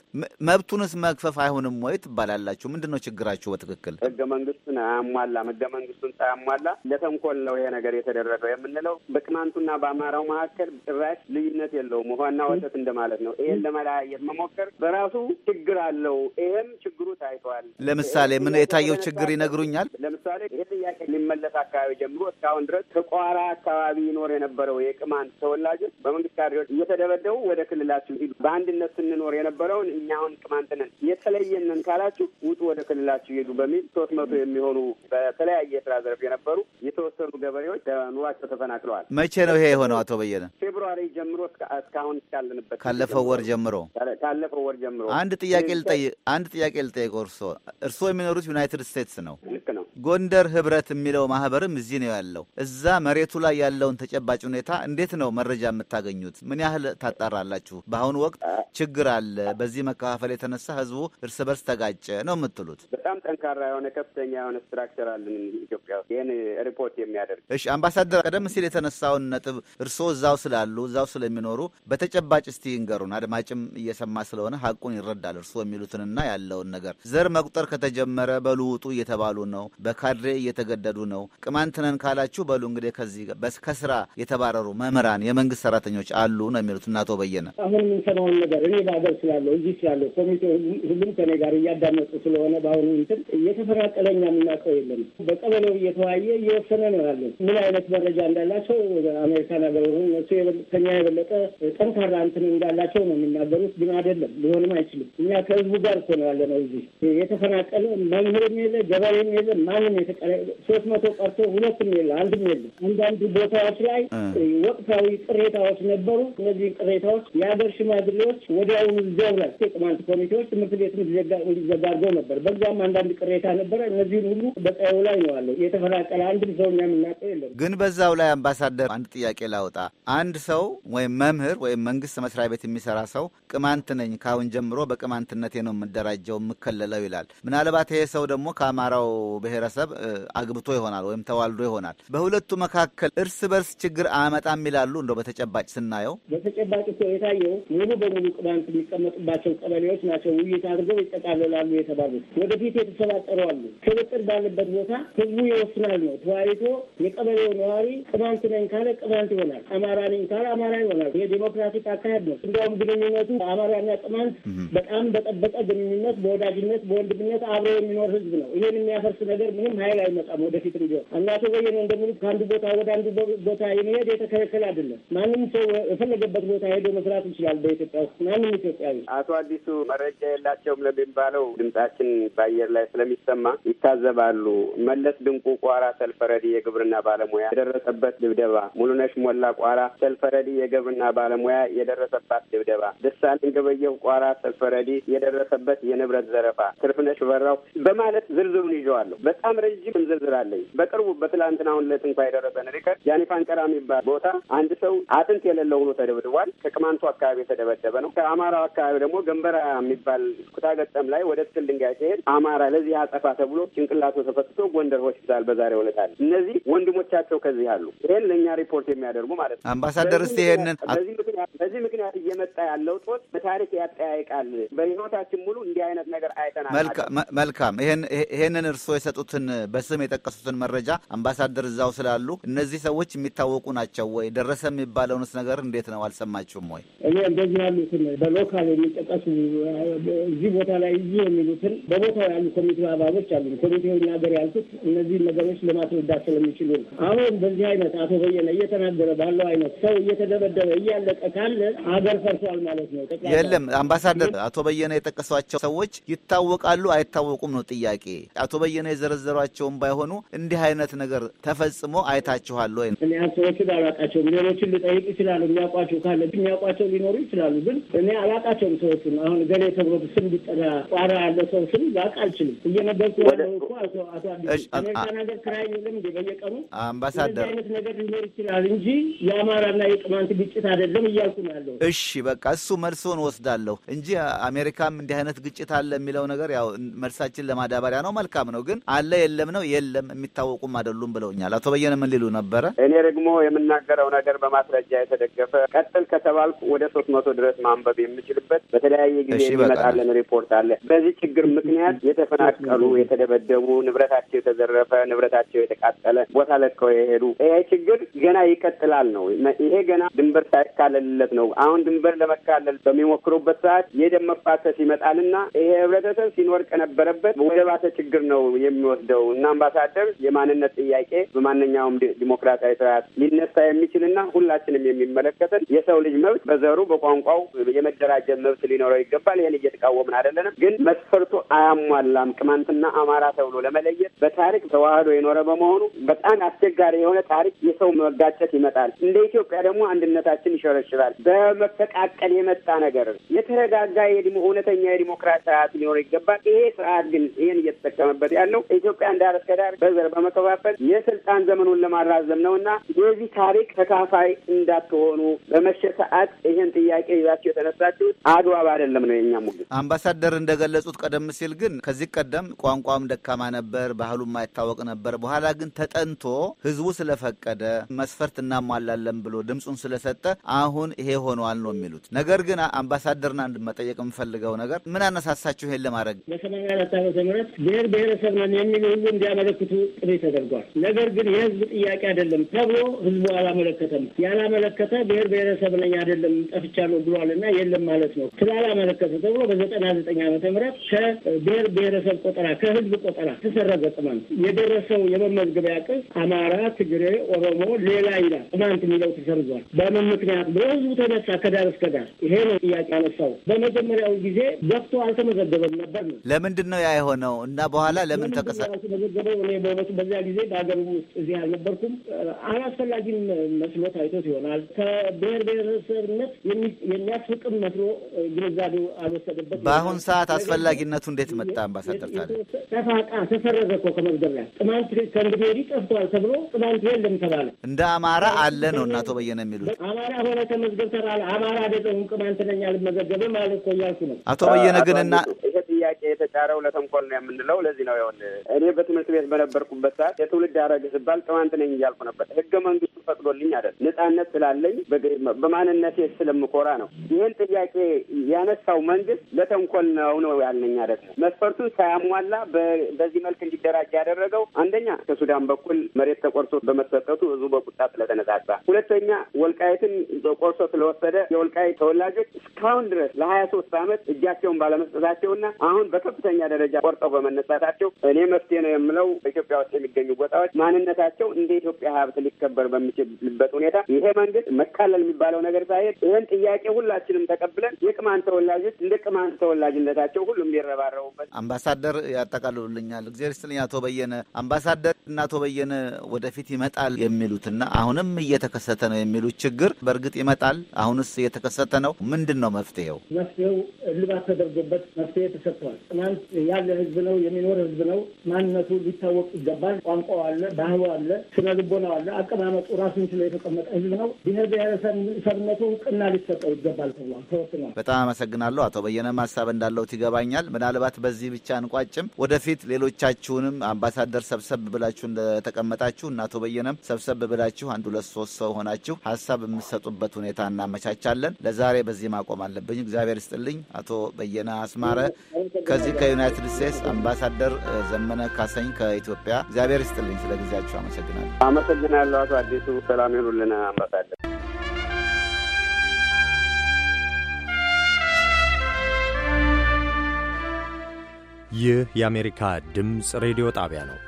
መብቱንስ መግፈፍ አይሆንም ወይ ትባላላችሁ። ምንድን ነው ችግራችሁ? በትክክል ህገ መንግስቱን አያሟላም። ህገ መንግስቱን ሳያሟላ ለተንኮል ነው ይሄ ነገር የተደረገው የምንለው። በቅማንቱና በአማራው መካከል ጭራሽ ልዩነት የለውም። ውሃና ወተት እንደማለት ነው። ይሄን ለመለያየት መሞከር በራሱ ችግር አለው። ይሄም ችግሩ ታይቷል። ለምሳሌ ምን የታየው ችግር ይነግሩኛል? ለምሳሌ ይህ ጥያቄ ሊመለስ አካባቢ ጀምሮ እስካሁን ድረስ ተቋራ አካባቢ ይኖር የነበረው የቅማንት ተወላጆች በመንግስት ታጣቂዎች እየተደበደቡ ወደ ክልላችሁ ሂዱ፣ በአንድነት ስንኖር የነበረውን እኛ አሁን ቅማንት ነን የተለየንን ካላችሁ ውጡ፣ ወደ ክልላችሁ ሂዱ በሚል ሶስት መቶ የሚሆኑ በተለያየ ስራ ዘርፍ የነበሩ የተወሰኑ ገበሬዎች ኑሯቸው ተፈናቅለዋል። መቼ ነው ይሄ የሆነው? አቶ በየነ ፌብሩዋሪ ጀምሮ እስካሁን እስካለንበት ካለፈው ወር ጀምሮ ካለፈው ወር ጀምሮ አንድ ጥያቄ ልጠይቅ አንድ ጥያቄ ልጠይቅ እርስዎ እርስዎ የሚኖሩት ዩናይትድ ስቴትስ ነው። ልክ ነው። ጎንደር ህብረት የሚለው ማህበርም እዚህ ነው ያለው። እዛ መሬቱ ላይ ያለውን ተጨባጭ ሁኔታ እንዴት ነው መረጃ የምታገኙት? ምን ያህል ታጣራላችሁ? በአሁኑ ወቅት ችግር አለ፣ በዚህ መከፋፈል የተነሳ ህዝቡ እርስ በርስ ተጋጨ ነው የምትሉት? በጣም ጠንካራ የሆነ ከፍተኛ የሆነ ስትራክቸር አለን ኢትዮጵያ ውስጥ ይህን ሪፖርት የሚያደርግ። እሺ አምባሳደር፣ ቀደም ሲል የተነሳውን ነጥብ እርስዎ እዛው ስላሉ እዛው ስለሚኖሩ በተጨባጭ እስቲ ይንገሩን። አድማጭም እየሰማ ስለሆነ ሀቁን ይረዳል። እርስዎ የሚሉትንና ያለውን ነገር ዘር መቁጠር ከተጀመረ በልውጡ እየተባሉ ነው በካድሬ እየተገደዱ ነው። ቅማንትነን ካላችሁ በሉ እንግዲህ ከዚህ ከስራ የተባረሩ መምህራን፣ የመንግስት ሰራተኞች አሉ ነው የሚሉት እናቶ በየነ። አሁን የምንሰማውን ነገር እኔ በሀገር ስላለው እዚህ ስላለው ኮሚቴ ሁሉም ከኔ ጋር እያዳመጡ ስለሆነ በአሁኑ እንትን እየተፈናቀለኛ የምናውቀው የለም። በቀበሌው እየተወያየ እየወሰነ ነው ያለው። ምን አይነት መረጃ እንዳላቸው አሜሪካ ነገር እነሱ ከኛ የበለጠ ጠንካራ እንትን እንዳላቸው ነው የሚናገሩት። ግን አይደለም፣ ሊሆንም አይችልም። እኛ ከህዝቡ ጋር እኮ ነው ያለ ነው እዚህ የተፈናቀለ መምህርም የለ ገበሬም የለ እስካሁን ሶስት መቶ ቀርቶ ሁለትም የለ አንድም የለም። አንዳንድ ቦታዎች ላይ ወቅታዊ ቅሬታዎች ነበሩ። እነዚህ ቅሬታዎች የሀገር ሽማግሌዎች ወዲያውኑ እዚያው ላይ ቅማንት ኮሚቴዎች ትምህርት ቤት እንዲዘጋርገው ነበር። በዛም አንዳንድ ቅሬታ ነበረ። እነዚህን ሁሉ በጣዩ ላይ ነው አለው የተፈናቀለ አንድም ሰው እኛ የምናውቀው የለም። ግን በዛው ላይ አምባሳደር፣ አንድ ጥያቄ ላውጣ። አንድ ሰው ወይም መምህር ወይም መንግስት መስሪያ ቤት የሚሰራ ሰው ቅማንት ነኝ ካሁን ጀምሮ በቅማንትነቴ ነው የምደራጀው የምከለለው ይላል። ምናልባት ይሄ ሰው ደግሞ ከአማራው ብሔር ብሔረሰብ አግብቶ ይሆናል ወይም ተዋልዶ ይሆናል። በሁለቱ መካከል እርስ በርስ ችግር አያመጣም ይላሉ። እንደው በተጨባጭ ስናየው በተጨባጭ የታየው ሙሉ በሙሉ ቅማንት የሚቀመጡባቸው ቀበሌዎች ናቸው። ውይይት አድርገው ይጠቃለላሉ የተባሉት ወደፊት የተሰባጠሩ አሉ። ክብጥር ባለበት ቦታ ህዝቡ ይወስናል ነው ተዋይቶ የቀበሌው ነዋሪ ቅማንት ነኝ ካለ ቅማንት ይሆናል፣ አማራ ነኝ ካለ አማራ ይሆናል። ዴሞክራቲክ አካሄድ ነው። እንዲያውም ግንኙነቱ አማራና ቅማንት በጣም በጠበቀ ግንኙነት፣ በወዳጅነት፣ በወንድምነት አብሮ የሚኖር ህዝብ ነው። ይሄን የሚያፈርስ ነገር ምንም ሀይል አይመጣም ወደፊት እንዲሆን እናቶ በየነ እንደሚሉት ከአንዱ ቦታ ወደ አንዱ ቦታ የመሄድ የተከለከለ አይደለም። ማንም ሰው የፈለገበት ቦታ ሄዶ መስራት ይችላል። በኢትዮጵያ ውስጥ ማንም ኢትዮጵያዊ አቶ አዲሱ መረጃ የላቸውም ለሚባለው ድምጻችን በአየር ላይ ስለሚሰማ ይታዘባሉ። መለስ ድንቁ ቋራ ሰልፈረዲ የግብርና ባለሙያ የደረሰበት ድብደባ፣ ሙሉነሽ ሞላ ቋራ ሰልፈረዲ የግብርና ባለሙያ የደረሰባት ድብደባ፣ ደሳለኝ ገበየው ቋራ ሰልፈረዲ የደረሰበት የንብረት ዘረፋ፣ ትርፍነሽ በራው በማለት ዝርዝሩን ይዘዋለሁ። በጣም ረዥም እንዝርዝር በቅርቡ በቅርቡ በትላንትናው ዕለት እንኳ የደረሰን ሪከርድ ያኔ የሚባል ቦታ አንድ ሰው አጥንት የሌለው ሆኖ ተደብድቧል። ከቅማንቱ አካባቢ የተደበደበ ነው። ከአማራው አካባቢ ደግሞ ገንበራ የሚባል ኩታገጠም ላይ ወደ ትክል ድንጋይ ሲሄድ አማራ ለዚህ አጠፋ ተብሎ ጭንቅላቱ ተፈትቶ ጎንደር ሆስፒታል በዛሬ ዕለት አለ። እነዚህ ወንድሞቻቸው ከዚህ አሉ። ይህን ለእኛ ሪፖርት የሚያደርጉ ማለት ነው። አምባሳደር እስቲ ይሄንን በዚህ ምክንያት እየመጣ ያለው ጦት በታሪክ ያጠያይቃል። በህይወታችን ሙሉ እንዲህ አይነት ነገር አይተናል። መልካም ይህንን እርስዎ የሰጡት የጠቀሱትን በስም የጠቀሱትን መረጃ አምባሳደር እዛው ስላሉ እነዚህ ሰዎች የሚታወቁ ናቸው ወይ? ደረሰ የሚባለውንስ ነገር እንዴት ነው? አልሰማችሁም ወይ? እኔ እንደዚህ ያሉትን በሎካል የሚጠቀሱ እዚህ ቦታ ላይ እዚህ የሚሉትን በቦታው ያሉ ኮሚቴ አባሎች አሉ። ኮሚቴው ይናገር ያልኩት እነዚህ ነገሮች ለማስረዳት ስለሚችሉ ነው። አሁን በዚህ አይነት አቶ በየነ እየተናገረ ባለው አይነት ሰው እየተደበደበ እያለቀ ካለ አገር ፈርሷል ማለት ነው። የለም አምባሳደር፣ አቶ በየነ የጠቀሷቸው ሰዎች ይታወቃሉ አይታወቁም ነው ጥያቄ። አቶ በየነ የዘረዘ የዘረዘሯቸውም ባይሆኑ እንዲህ አይነት ነገር ተፈጽሞ አይታችኋል ወይ? እኔ ሰዎችን አላውቃቸውም። ሌሎችን ልጠይቅ ይችላሉ። የሚያውቋቸው ካለ የሚያውቋቸው ሊኖሩ ይችላሉ። ግን እኔ አላውቃቸውም ሰዎቹን። አሁን ገሌ ተብሎ ስም ቢጠራ ቋራ ያለ ሰው ስም ላውቅ አልችልም። እየነበርኩ እኮ አቶ አዲስ አሜሪካን ሀገር ክራይ የለም እንደ በየቀኑ አምባሳደር አይነት ነገር ሊኖር ይችላል እንጂ የአማራና የቅማንት ግጭት አይደለም እያልኩ ነው ያለው። እሺ በቃ እሱ መልሶን ወስዳለሁ እንጂ አሜሪካም እንዲህ አይነት ግጭት አለ የሚለው ነገር ያው መልሳችን ለማዳበሪያ ነው። መልካም ነው ግን አለ የለም ነው የለም የሚታወቁም አይደሉም ብለውኛል። አቶ በየነ ምን ሊሉ ነበረ? እኔ ደግሞ የምናገረው ነገር በማስረጃ የተደገፈ ቀጥል ከተባልኩ ወደ ሶስት መቶ ድረስ ማንበብ የምችልበት በተለያየ ጊዜ የሚመጣልን ሪፖርት አለ። በዚህ ችግር ምክንያት የተፈናቀሉ፣ የተደበደቡ፣ ንብረታቸው የተዘረፈ፣ ንብረታቸው የተቃጠለ፣ ቦታ ለቀው የሄዱ ይሄ ችግር ገና ይቀጥላል ነው። ይሄ ገና ድንበር ሳይካለልለት ነው። አሁን ድንበር ለመካለል በሚሞክሩበት ሰዓት የደም መፋሰስ ይመጣልና ይሄ ህብረተሰብ ሲኖር ከነበረበት ወደ ባሰ ችግር ነው የሚወ የሚወስደው እና አምባሳደር የማንነት ጥያቄ በማንኛውም ዲሞክራሲያዊ ስርዓት ሊነሳ የሚችልና ሁላችንም የሚመለከተን የሰው ልጅ መብት በዘሩ በቋንቋው የመደራጀት መብት ሊኖረው ይገባል። ይህን እየተቃወምን አይደለንም። ግን መስፈርቱ አያሟላም። ቅማንትና አማራ ተብሎ ለመለየት በታሪክ ተዋህዶ የኖረ በመሆኑ በጣም አስቸጋሪ የሆነ ታሪክ የሰው መጋጨት ይመጣል። እንደ ኢትዮጵያ ደግሞ አንድነታችን ይሸረሽራል። በመፈቃቀል የመጣ ነገር የተረጋጋ እውነተኛ የዲሞክራሲ ስርዓት ሊኖር ይገባል። ይሄ ስርዓት ግን ይህን እየተጠቀመበት ያለው ኢትዮጵያ ዳር እስከ ዳር በዘር በመከፋፈል የስልጣን ዘመኑን ለማራዘም ነው እና የዚህ ታሪክ ተካፋይ እንዳትሆኑ በመሸ ሰዓት ይህን ጥያቄ ይዛችሁ የተነሳችሁት አግባብ አይደለም ነው የኛ ሙግት። አምባሳደር እንደገለጹት ቀደም ሲል ግን ከዚህ ቀደም ቋንቋም ደካማ ነበር፣ ባህሉም ማይታወቅ ነበር። በኋላ ግን ተጠንቶ ህዝቡ ስለፈቀደ መስፈርት እናሟላለን ብሎ ድምፁን ስለሰጠ አሁን ይሄ ሆኗል ነው የሚሉት። ነገር ግን አምባሳደርን አንድ መጠየቅ የምፈልገው ነገር ምን አነሳሳችሁ ይሄን ለማድረግ በሰማንያ አራት ዓመተ ምህረት ብሔር ብሔረሰብ ነን ይህን ሁሉ እንዲያመለክቱ ጥሪ ተደርጓል። ነገር ግን የህዝብ ጥያቄ አይደለም ተብሎ ህዝቡ አላመለከተም። ያላመለከተ ብሔር ብሔረሰብ ነኝ አይደለም ጠፍቻለሁ ብሏልና የለም ማለት ነው። ስላላመለከተ ተብሎ በዘጠና ዘጠኝ ዓመተ ምህረት ከብሔር ብሔረሰብ ቆጠራ ከህዝብ ቆጠራ ተሰረዘ ቅማንት። የደረሰው የመመዝገቢያ ቅጽ አማራ፣ ትግሬ፣ ኦሮሞ፣ ሌላ ይላል ቅማንት የሚለው ተሰርዟል። በምን ምክንያት በህዝቡ ህዝቡ ተነሳ ከዳር እስከ ዳር። ይሄ ነው ጥያቄ ያነሳው። በመጀመሪያው ጊዜ ገብቶ አልተመዘገበም ነበር ነው። ለምንድን ነው ያ የሆነው እና በኋላ ለምን ተቀሰ ስለዘገበው እኔ በእውነቱ በዚያ ጊዜ በሀገር ውስጥ እዚህ አልነበርኩም። አላስፈላጊም መስሎ ታይቶት ይሆናል። ከብሔር ብሔረሰብነት የሚያስፍቅም መስሎ ግንዛቤው አልወሰደበት። በአሁን ሰዓት አስፈላጊነቱ እንዴት መጣ? አምባሳደር ታለ ተፋቃ ተፈረዘ እኮ ከመዝገብ ላይ ቅማንት ከእንግዲህ ወዲህ ጠፍቷል ተብሎ ቅማንት የለም ተባለ። እንደ አማራ አለ ነው እናቶ በየነ የሚሉት አማራ ሆነ ከመዝገብ ተባለ። አማራ ደጠሁን ቅማንት ነኝ አልመዘገብም ማለት እኮ እያልኩ ነው። አቶ በየነ ግን እና ጥያቄ የተጫረው ለተንኮል ነው የምንለው ለዚህ ነው። ይሆን እኔ በትምህርት ቤት በነበርኩበት ሰዓት የትውልድ ሐረግ ስባል ቅማንት ነኝ እያልኩ ነበር። ህገ መንግስቱ ፈቅዶልኝ አይደል፣ ነጻነት ስላለኝ በማንነቴ ስለምኮራ ነው። ይህን ጥያቄ ያነሳው መንግስት ለተንኮል ነው ነው ያልነኝ አይደል። መስፈርቱን ሳያሟላ በዚህ መልክ እንዲደራጅ ያደረገው አንደኛ ከሱዳን በኩል መሬት ተቆርሶ በመሰጠቱ ህዝቡ በቁጣ ስለተነሳሳ፣ ሁለተኛ ወልቃየትን በቆርሶ ስለወሰደ የወልቃየት ተወላጆች እስካሁን ድረስ ለሀያ ሶስት አመት እጃቸውን ባለመስጠታቸውና አሁን በከፍተኛ ደረጃ ቆርጠው በመነሳታቸው እኔ መፍትሄ ነው የምለው በኢትዮጵያ ውስጥ የሚገኙ ቦታዎች ማንነታቸው እንደ ኢትዮጵያ ሀብት ሊከበር በሚችልበት ሁኔታ ይሄ መንግስት መካለል የሚባለው ነገር ሳይሄድ ይህን ጥያቄ ሁላችንም ተቀብለን የቅማንት ተወላጆች እንደ ቅማንት ተወላጅነታቸው ሁሉም ሊረባረቡበት አምባሳደር ያጠቃልሉልኛል። እግዚአብሔር ይስጥልኝ አቶ በየነ አምባሳደር እና አቶ በየነ ወደፊት ይመጣል የሚሉትና አሁንም እየተከሰተ ነው የሚሉት ችግር በእርግጥ ይመጣል? አሁንስ እየተከሰተ ነው? ምንድን ነው መፍትሄው? መፍትሄው እልባት ተደርጎበት መፍትሄ ተሰ ተጠቅሷል። ትናንት ያለ ህዝብ ነው፣ የሚኖር ህዝብ ነው። ማንነቱ ሊታወቅ ይገባል። ቋንቋው አለ፣ ባህሉ አለ፣ ስነ ልቦናው አለ፣ አቀማመጡ ራሱን ችሎ የተቀመጠ ህዝብ ነው። ብሔር ብሔረሰብነቱ እውቅና ሊሰጠው ይገባል ተብሏል፣ ተወስኗል። በጣም አመሰግናለሁ። አቶ በየነም ሀሳብ እንዳለውት ይገባኛል። ምናልባት በዚህ ብቻ አንቋጭም። ወደፊት ሌሎቻችሁንም አምባሳደር ሰብሰብ ብላችሁ እንደተቀመጣችሁ እና አቶ በየነም ሰብሰብ ብላችሁ አንድ ሁለት ሶስት ሰው ሆናችሁ ሀሳብ የምትሰጡበት ሁኔታ እናመቻቻለን። ለዛሬ በዚህ ማቆም አለብኝ። እግዚአብሔር ይስጥልኝ። አቶ በየነ አስማረ ከዚህ ከዩናይትድ ስቴትስ አምባሳደር ዘመነ ካሰኝ ከኢትዮጵያ። እግዚአብሔር ይስጥልኝ። ስለ ጊዜያቸው አመሰግናለሁ። አመሰግናለሁ አቶ አዲሱ። ሰላም ይሁኑልን አምባሳደር። ይህ የአሜሪካ ድምፅ ሬዲዮ ጣቢያ ነው።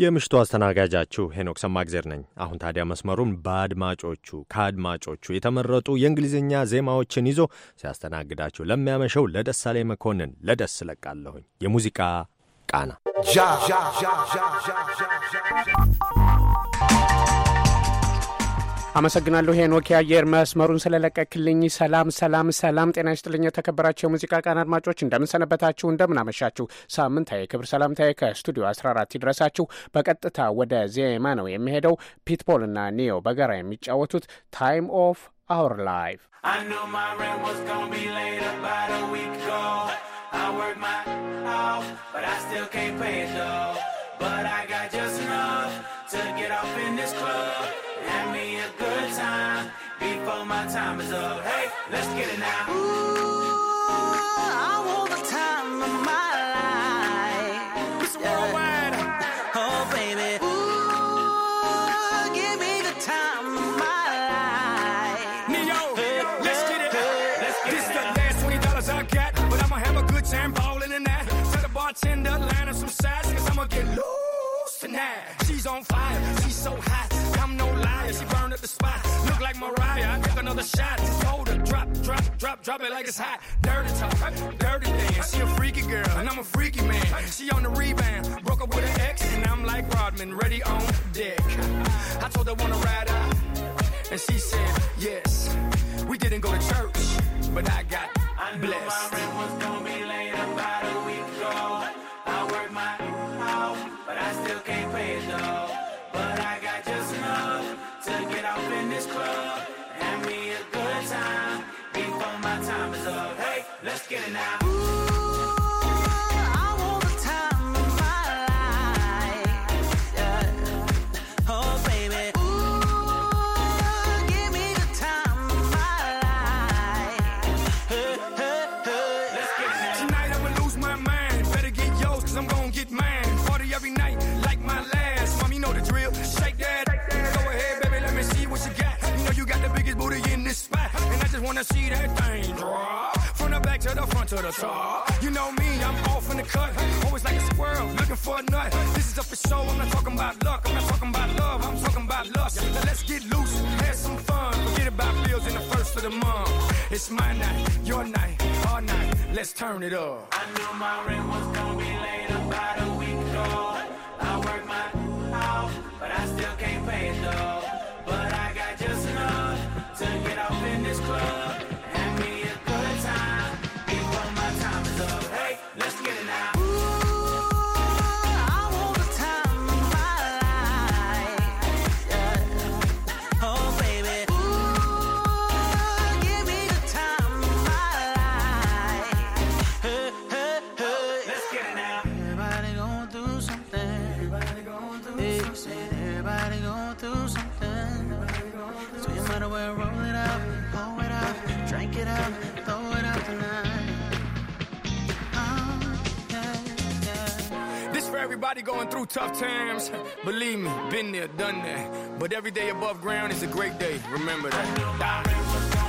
የምሽቱ አስተናጋጃችሁ ሄኖክ ሰማግዜር ነኝ። አሁን ታዲያ መስመሩን በአድማጮቹ ከአድማጮቹ የተመረጡ የእንግሊዝኛ ዜማዎችን ይዞ ሲያስተናግዳችሁ ለሚያመሸው ለደሳሌ መኮንን ለደስ ለቃለሁኝ የሙዚቃ ቃና አመሰግናለሁ ሄኖክ የአየር መስመሩን ስለለቀክልኝ። ሰላም ሰላም ሰላም፣ ጤና ይስጥልኝ የተከበራቸው የሙዚቃ ቃን አድማጮች እንደምንሰነበታችሁ፣ እንደምናመሻችሁ። ሳምንታዊ ክብር ሰላምታዬ ከስቱዲዮ 14 ይድረሳችሁ። በቀጥታ ወደ ዜማ ነው የሚሄደው። ፒትቦል እና ኒዮ በጋራ የሚጫወቱት ታይም ኦፍ አወር ላይፍ But I got just enough to get off in this club Have me a good time before my time is up. Hey, let's get it now. Ooh. it's hot. Dirty talk, dirty dance. She a freaky girl, and I'm a freaky man. She on the rebound, broke up with an ex, and I'm like Rodman, ready on deck. I told her wanna ride out, and she said yes. We didn't go to church, but I got blessed. tough times, believe me, been there, done that. But every day above ground is a great day, remember that.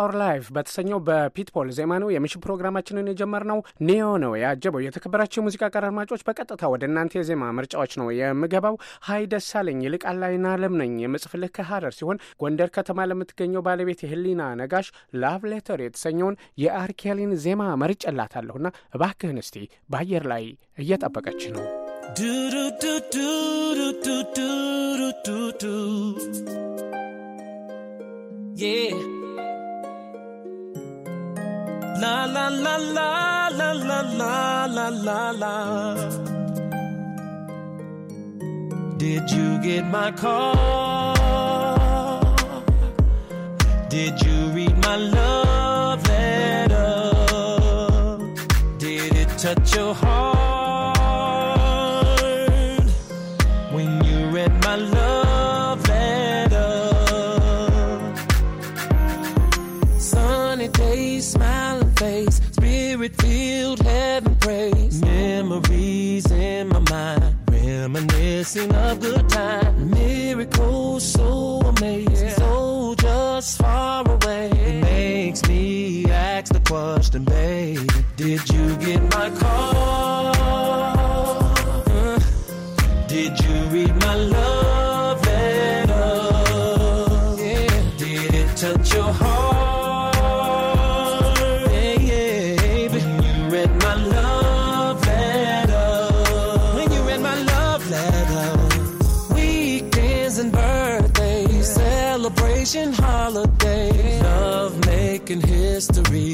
አወር ላይፍ በተሰኘው በፒትፖል ዜማ ነው የምሽት ፕሮግራማችንን የጀመርነው። ኒዮ ነው ያጀበው። የተከበራቸው የሙዚቃ ቀር አድማጮች፣ በቀጥታ ወደ እናንተ የዜማ ምርጫዎች ነው የምገባው። ሀይ ደሳለኝ ይልቃል አለም ነኝ የምጽፍልህ ከሀረር ሲሆን ጎንደር ከተማ ለምትገኘው ባለቤት የህሊና ነጋሽ ላቭ ሌተር የተሰኘውን የአርኬሊን ዜማ መርጬላታለሁና እባክህን እስቲ በአየር ላይ እየጠበቀች ነው Yeah La la la la la la la la la la. Did you get my call? Did you read my love? question, babe, Did you get my call? did you read my love letter? Yeah. Did it touch your heart? Yeah, yeah, baby. When you read my love letter. When you read my love letter. Weekends and birthdays, celebration, holiday, love making history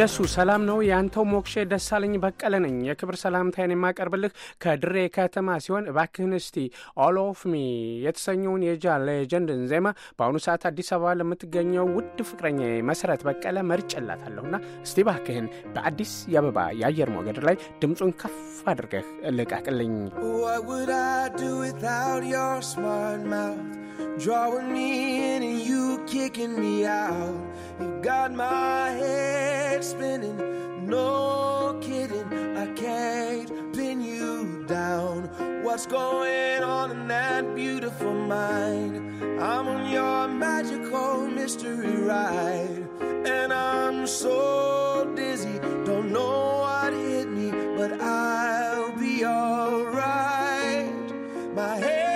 ደሱ ሰላም ነው። የአንተው ሞክሼ ደሳለኝ በቀለ ነኝ። የክብር ሰላምታዬን የማቀርብልህ ከድሬ ከተማ ሲሆን እባክህን እስቲ ኦል ኦፍ ሚ የተሰኘውን የጃ ሌጀንድን ዜማ በአሁኑ ሰዓት አዲስ አበባ ለምትገኘው ውድ ፍቅረኛ መሰረት በቀለ መርጬላታለሁና እስቲ ባክህን በአዲስ አበባ የአየር ሞገድ ላይ ድምፁን ከፍ አድርገህ ልቀቅልኝ። Drawing me in and you kicking me out. You got my head. head spinning. No kidding, I can't pin you down. What's going on in that beautiful mind? I'm on your magical mystery ride, and I'm so dizzy, don't know what hit me, but I'll be alright. My head.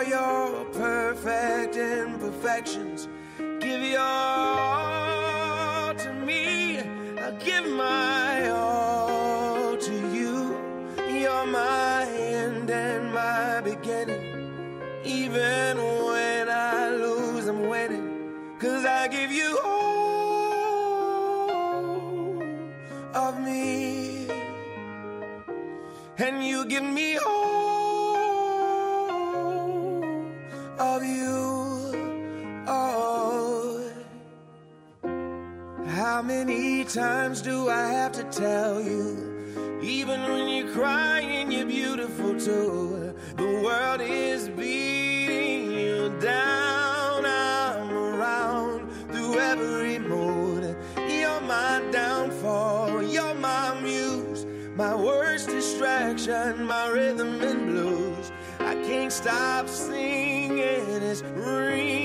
all your perfect imperfections. Give your all to me. I will give my all to you. You're my end and my beginning. Even when I lose, I'm winning. Cause I give you all of me. And you give me all. of you. Oh, how many times do I have to tell you? Even when you're crying, you're beautiful too. The world is beating you down. I'm around through every mood. You're my downfall. You're my muse. My worst distraction, my rhythm and blues. I can't stop singing is real.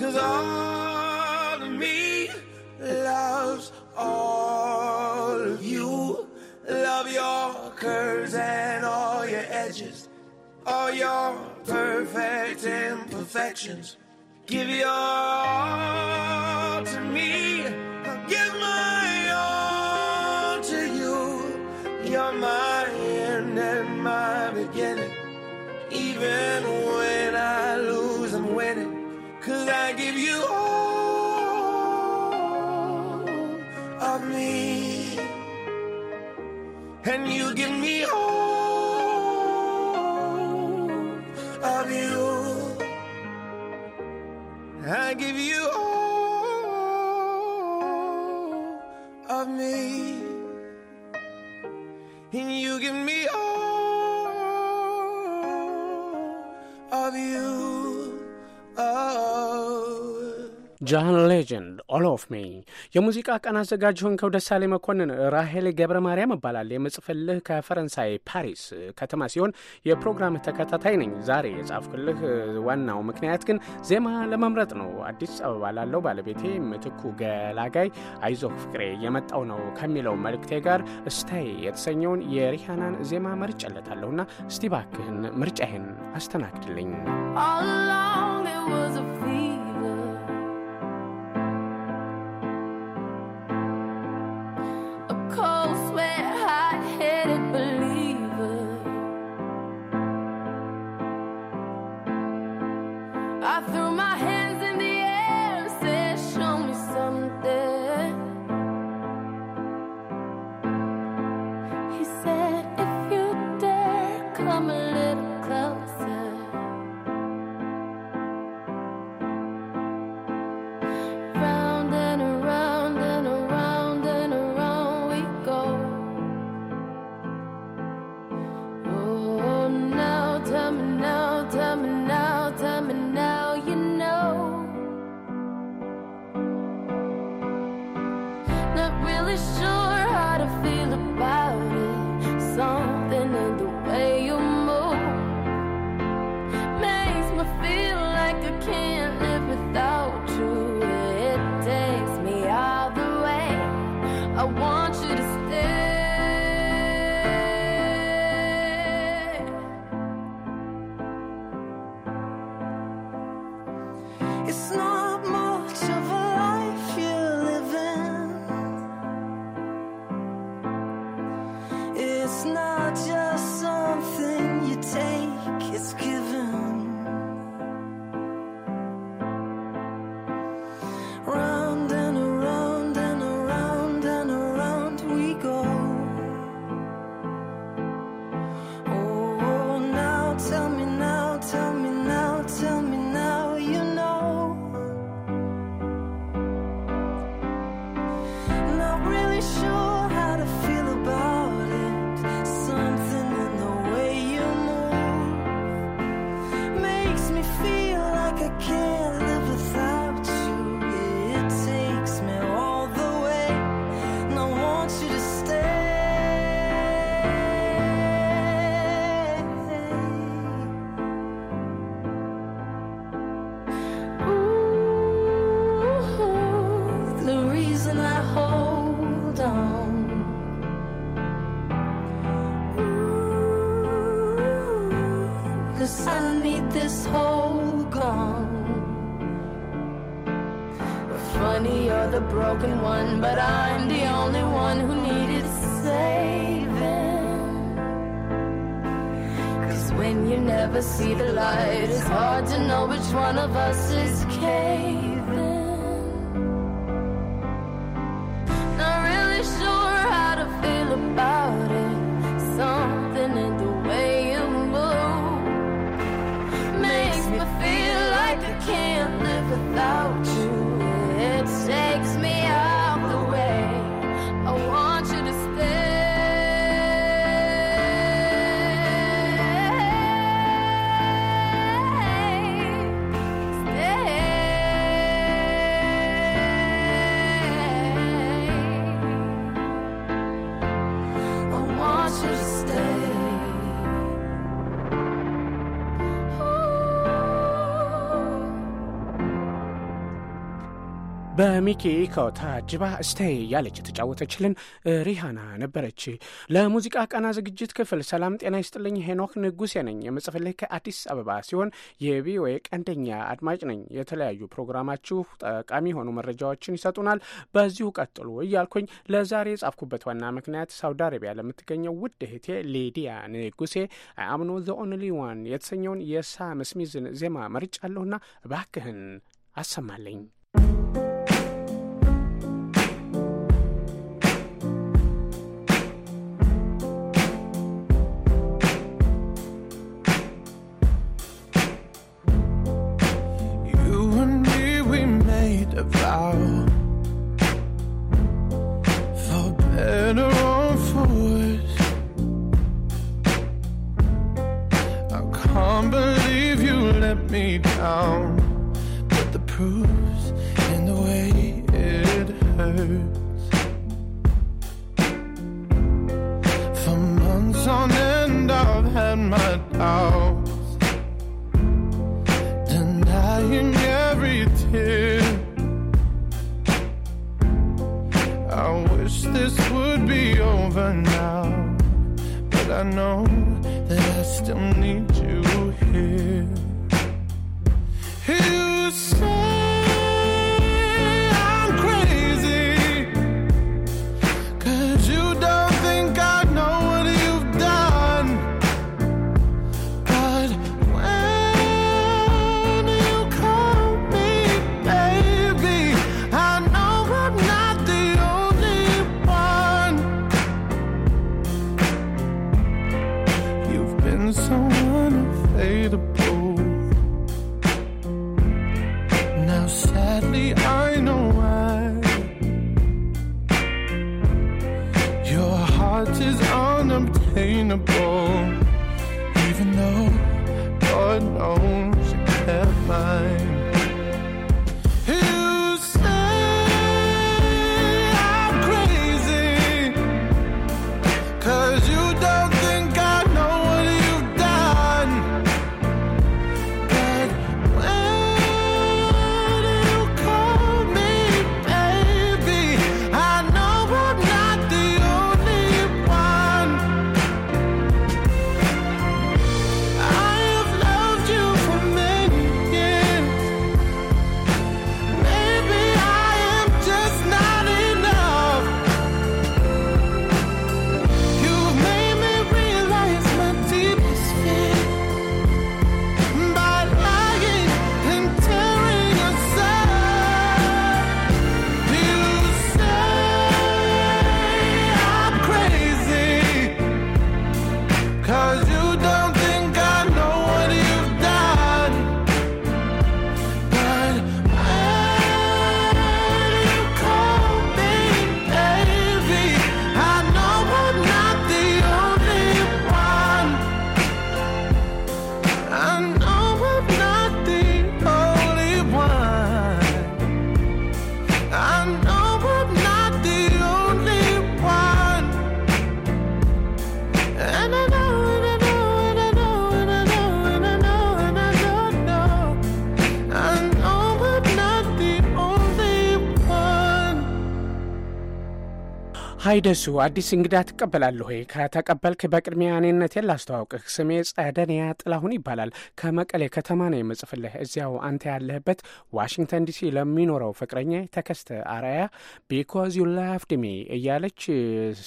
Cause all of me loves all of you. Love your curves and all your edges. All your perfect imperfections. Give your all. ጃን ሌጀንድ ኦል ኦፍ ሜ የሙዚቃ ቀን አዘጋጅ ሆንከው ደሳሌ መኮንን። ራሄል ገብረ ማርያም እባላል የምጽፍልህ ከፈረንሳይ ፓሪስ ከተማ ሲሆን የፕሮግራም ተከታታይ ነኝ። ዛሬ የጻፍኩልህ ዋናው ምክንያት ግን ዜማ ለመምረጥ ነው። አዲስ አበባ ላለው ባለቤቴ ምትኩ ገላጋይ አይዞ ፍቅሬ የመጣው ነው ከሚለው መልእክቴ ጋር እስታይ የተሰኘውን የሪሃናን ዜማ መርጨለታለሁና እስቲ ባክህን ምርጫህን አስተናግድልኝ። I threw my hands in the air and said, Show me something. He said, If you dare, come along. broken one, but I'm the only one who needed saving. Cause when you never see the light, it's hard to know which one of us is caving. በሚኪ ከታጅባ ስቴይ ያለች የተጫወተችልን ሪሃና ነበረች። ለሙዚቃ ቀና ዝግጅት ክፍል ሰላም ጤና ይስጥልኝ። ሄኖክ ንጉሴ ነኝ። የምጽፍልህ ከአዲስ አበባ ሲሆን የቪኦኤ ቀንደኛ አድማጭ ነኝ። የተለያዩ ፕሮግራማችሁ ጠቃሚ የሆኑ መረጃዎችን ይሰጡናል፣ በዚሁ ቀጥሉ እያልኩኝ ለዛሬ የጻፍኩበት ዋና ምክንያት ሳውዲ አረቢያ ለምትገኘው ውድ እህቴ ሌዲያ ንጉሴ አምኖ ዘ ኦንሊ ዋን የተሰኘውን የሳም ስሚዝን ዜማ መርጫለሁና እባክህን አሰማለኝ። ሀይደሱ አዲስ እንግዳ ትቀበላለሁ ወይ? ከተቀበልክ በቅድሚያ እኔነቴን ላስተዋውቅህ። ስሜ ጸደንያ ጥላሁን ይባላል። ከመቀሌ ከተማ ነው የምጽፍልህ። እዚያው አንተ ያለህበት ዋሽንግተን ዲሲ ለሚኖረው ፍቅረኛ ተከስተ አርአያ ቢኮዝ ዩ ላቭድ ሚ እያለች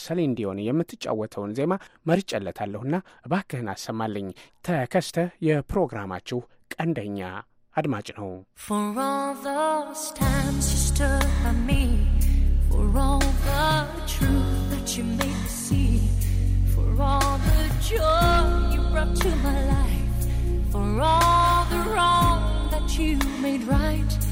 ሰሊን ዲዮን የምትጫወተውን ዜማ መርጨለታለሁና እባክህን አሰማልኝ። ተከስተ የፕሮግራማችሁ ቀንደኛ አድማጭ ነው። For all those times you stood by me for all the truth that you made me see, for all the joy you brought to my life, for all the wrong that you made right.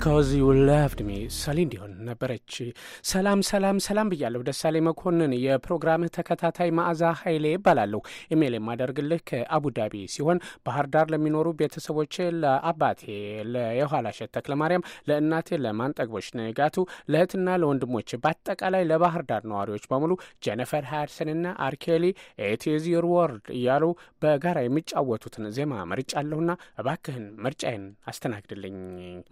ቢካዝ ዩ ላቭድ ሚ ሰሊ እንዲሆን ነበረች። ሰላም ሰላም ሰላም ብያለሁ። ደሳሌ መኮንን የፕሮግራምህ ተከታታይ መዓዛ ኃይሌ ይባላለሁ። ኢሜይል የማደርግልህ ከአቡዳቢ ሲሆን ባህር ዳር ለሚኖሩ ቤተሰቦች፣ ለአባቴ ለየኋላ የኋላሸት ተክለማርያም፣ ለእናቴ ለማንጠግቦች ንጋቱ፣ ለእህትና ለወንድሞች በአጠቃላይ ለባህር ዳር ነዋሪዎች በሙሉ ጀነፈር ሃድሰንና አርኬሊ ኤቲዝ ዩር ወርልድ እያሉ በጋራ የሚጫወቱትን ዜማ መርጫለሁና እባክህን ምርጫዬን አስተናግድልኝ።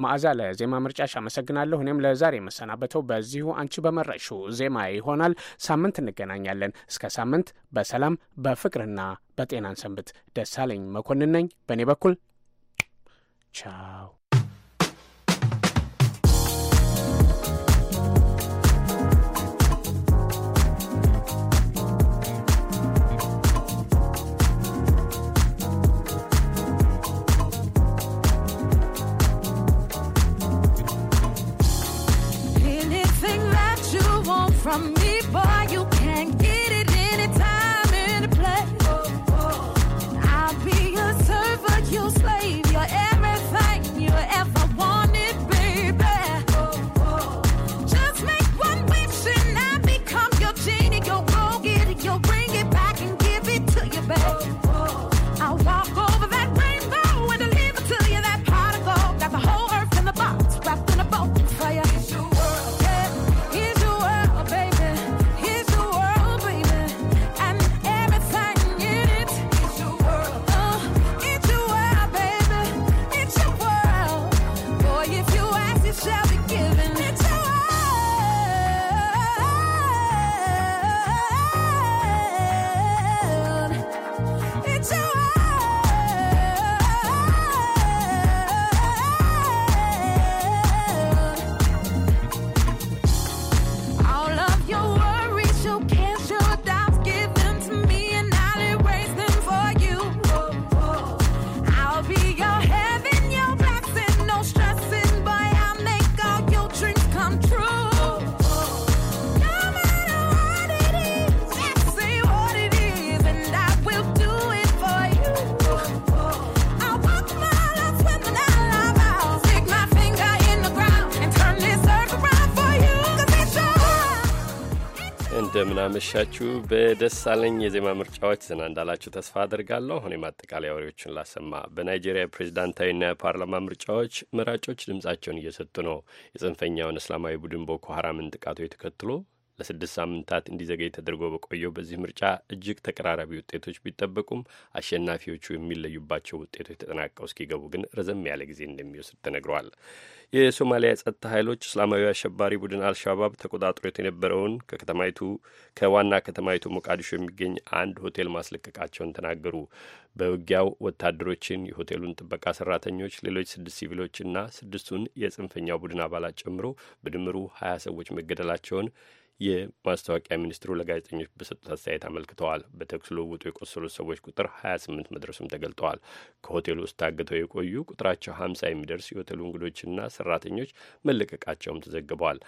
መዓዛ ለዜማ ምርጫሽ አመሰግናለሁ። እኔም ለዛሬ መሰናበተው በዚሁ አንቺ በመረሹ ዜማ ይሆናል። ሳምንት እንገናኛለን። እስከ ሳምንት በሰላም በፍቅርና በጤናን ሰንብት። ደሳለኝ መኮንን ነኝ። በእኔ በኩል ቻው። እንደምናመሻችሁ በደሳለኝ የዜማ ምርጫዎች ዘና እንዳላችሁ ተስፋ አድርጋለሁ። አሁን የማጠቃለያ ወሬዎችን ላሰማ። በናይጄሪያ ፕሬዚዳንታዊና የፓርላማ ምርጫዎች መራጮች ድምጻቸውን እየሰጡ ነው። የጽንፈኛውን እስላማዊ ቡድን ቦኮ ሀራምን ጥቃቶች ተከትሎ ለስድስት ሳምንታት እንዲዘገይ ተደርጎ በቆየው በዚህ ምርጫ እጅግ ተቀራራቢ ውጤቶች ቢጠበቁም አሸናፊዎቹ የሚለዩባቸው ውጤቶች ተጠናቀው እስኪገቡ ግን ረዘም ያለ ጊዜ እንደሚወስድ ተነግሯል። የሶማሊያ የጸጥታ ኃይሎች እስላማዊ አሸባሪ ቡድን አልሻባብ ተቆጣጥሮት የነበረውን ከከተማይቱ ከዋና ከተማይቱ ሞቃዲሾ የሚገኝ አንድ ሆቴል ማስለቀቃቸውን ተናገሩ። በውጊያው ወታደሮችን፣ የሆቴሉን ጥበቃ ሰራተኞች፣ ሌሎች ስድስት ሲቪሎችና ስድስቱን የጽንፈኛው ቡድን አባላት ጨምሮ በድምሩ ሀያ ሰዎች መገደላቸውን የማስታወቂያ ሚኒስትሩ ለጋዜጠኞች በሰጡት አስተያየት አመልክተዋል። በተኩስ ልውውጡ የቆሰሉት ሰዎች ቁጥር 28 መድረሱም ተገልጠዋል። ከሆቴሉ ውስጥ ታግተው የቆዩ ቁጥራቸው 50 የሚደርስ የሆቴሉ እንግዶችና ሰራተኞች መለቀቃቸውም ተዘግበዋል።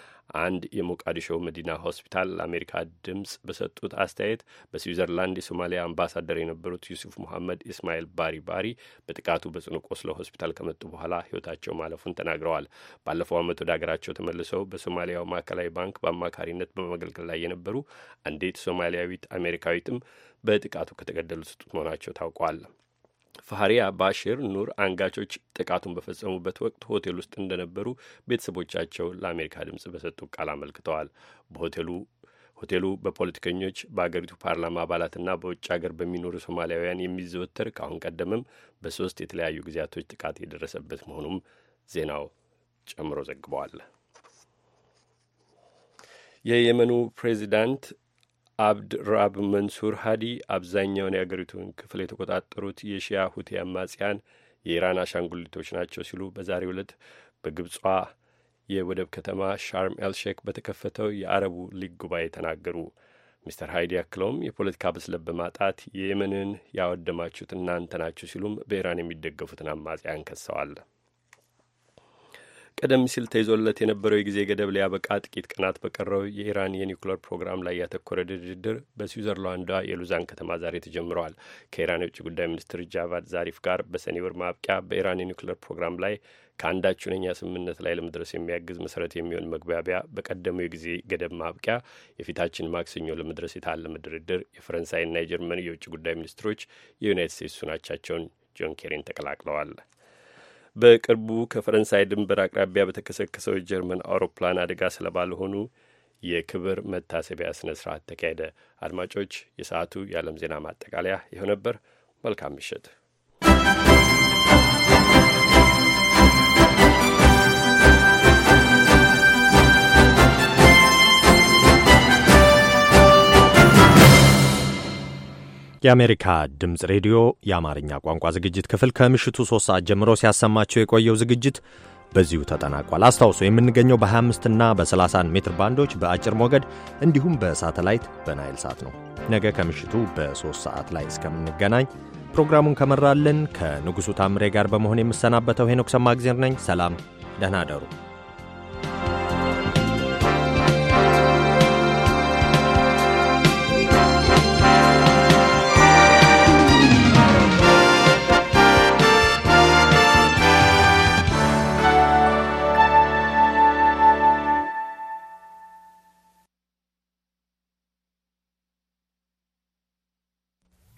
አንድ የሞቃዲሾ መዲና ሆስፒታል ለአሜሪካ ድምፅ በሰጡት አስተያየት በስዊዘርላንድ የሶማሊያ አምባሳደር የነበሩት ዩሱፍ ሙሐመድ ኢስማኤል ባሪ ባሪ በጥቃቱ በጽኑ ቆስለው ሆስፒታል ከመጡ በኋላ ህይወታቸው ማለፉን ተናግረዋል። ባለፈው ዓመት ወደ ሀገራቸው ተመልሰው በሶማሊያው ማዕከላዊ ባንክ በአማካሪነት በማገልገል ላይ የነበሩ አንዲት ሶማሊያዊት አሜሪካዊትም በጥቃቱ ከተገደሉት ውስጥ መሆናቸው ታውቋል። ፋሪያ ባሽር ኑር አንጋቾች ጥቃቱን በፈጸሙበት ወቅት ሆቴል ውስጥ እንደነበሩ ቤተሰቦቻቸው ለአሜሪካ ድምፅ በሰጡ ቃል አመልክተዋል። በሆቴሉ ሆቴሉ በፖለቲከኞች በአገሪቱ ፓርላማ አባላትና በውጭ ሀገር በሚኖሩ ሶማሊያውያን የሚዘወተር ከአሁን ቀደምም በሶስት የተለያዩ ጊዜያቶች ጥቃት የደረሰበት መሆኑም ዜናው ጨምሮ ዘግበዋል። የየመኑ ፕሬዚዳንት አብድ ራብ መንሱር ሀዲ አብዛኛውን የአገሪቱን ክፍል የተቆጣጠሩት የሺያ ሁቴ አማጽያን የኢራን አሻንጉሊቶች ናቸው ሲሉ በዛሬው ዕለት በግብጿ የወደብ ከተማ ሻርም ኤልሼክ በተከፈተው የአረቡ ሊግ ጉባኤ ተናገሩ። ሚስተር ሀይዲ አክለውም የፖለቲካ ብስለት በማጣት የየመንን ያወደማችሁት እናንተ ናችሁ ሲሉም በኢራን የሚደገፉትን አማጽያን ከሰዋል። ቀደም ሲል ተይዞለት የነበረው የጊዜ ገደብ ሊያበቃ ጥቂት ቀናት በቀረው የኢራን የኒውክሌር ፕሮግራም ላይ ያተኮረ ድርድር በስዊዘርላንዷ የሉዛን ከተማ ዛሬ ተጀምረዋል። ከኢራን የውጭ ጉዳይ ሚኒስትር ጃቫድ ዛሪፍ ጋር በሰኔ ወር ማብቂያ በኢራን የኒውክሌር ፕሮግራም ላይ ከአንዳች ሁነኛ ስምምነት ላይ ለመድረስ የሚያግዝ መሰረት የሚሆን መግባቢያ በቀደመው የጊዜ ገደብ ማብቂያ የፊታችን ማክሰኞ ለመድረስ የታለመ ድርድር የፈረንሳይና የጀርመን የውጭ ጉዳይ ሚኒስትሮች የዩናይትድ ስቴትስ ሱናቻቸውን ጆን ኬሪን ተቀላቅለዋል። በቅርቡ ከፈረንሳይ ድንበር አቅራቢያ በተከሰከሰው የጀርመን አውሮፕላን አደጋ ሰለባ የክብር መታሰቢያ ስነ ስርዓት ተካሄደ። አድማጮች፣ የሰዓቱ የዓለም ዜና ማጠቃለያ ይኸው ነበር። መልካም ምሽት። የአሜሪካ ድምፅ ሬዲዮ የአማርኛ ቋንቋ ዝግጅት ክፍል ከምሽቱ 3 ሰዓት ጀምሮ ሲያሰማቸው የቆየው ዝግጅት በዚሁ ተጠናቋል። አስታውሶ የምንገኘው በ25 ና በ 30 ሜትር ባንዶች በአጭር ሞገድ እንዲሁም በሳተላይት በናይል ሳት ነው። ነገ ከምሽቱ በ3 ሰዓት ላይ እስከምንገናኝ ፕሮግራሙን ከመራልን ከንጉሡ ታምሬ ጋር በመሆን የምሰናበተው ሄኖክ ሰማግዜር ነኝ። ሰላም፣ ደህና አደሩ።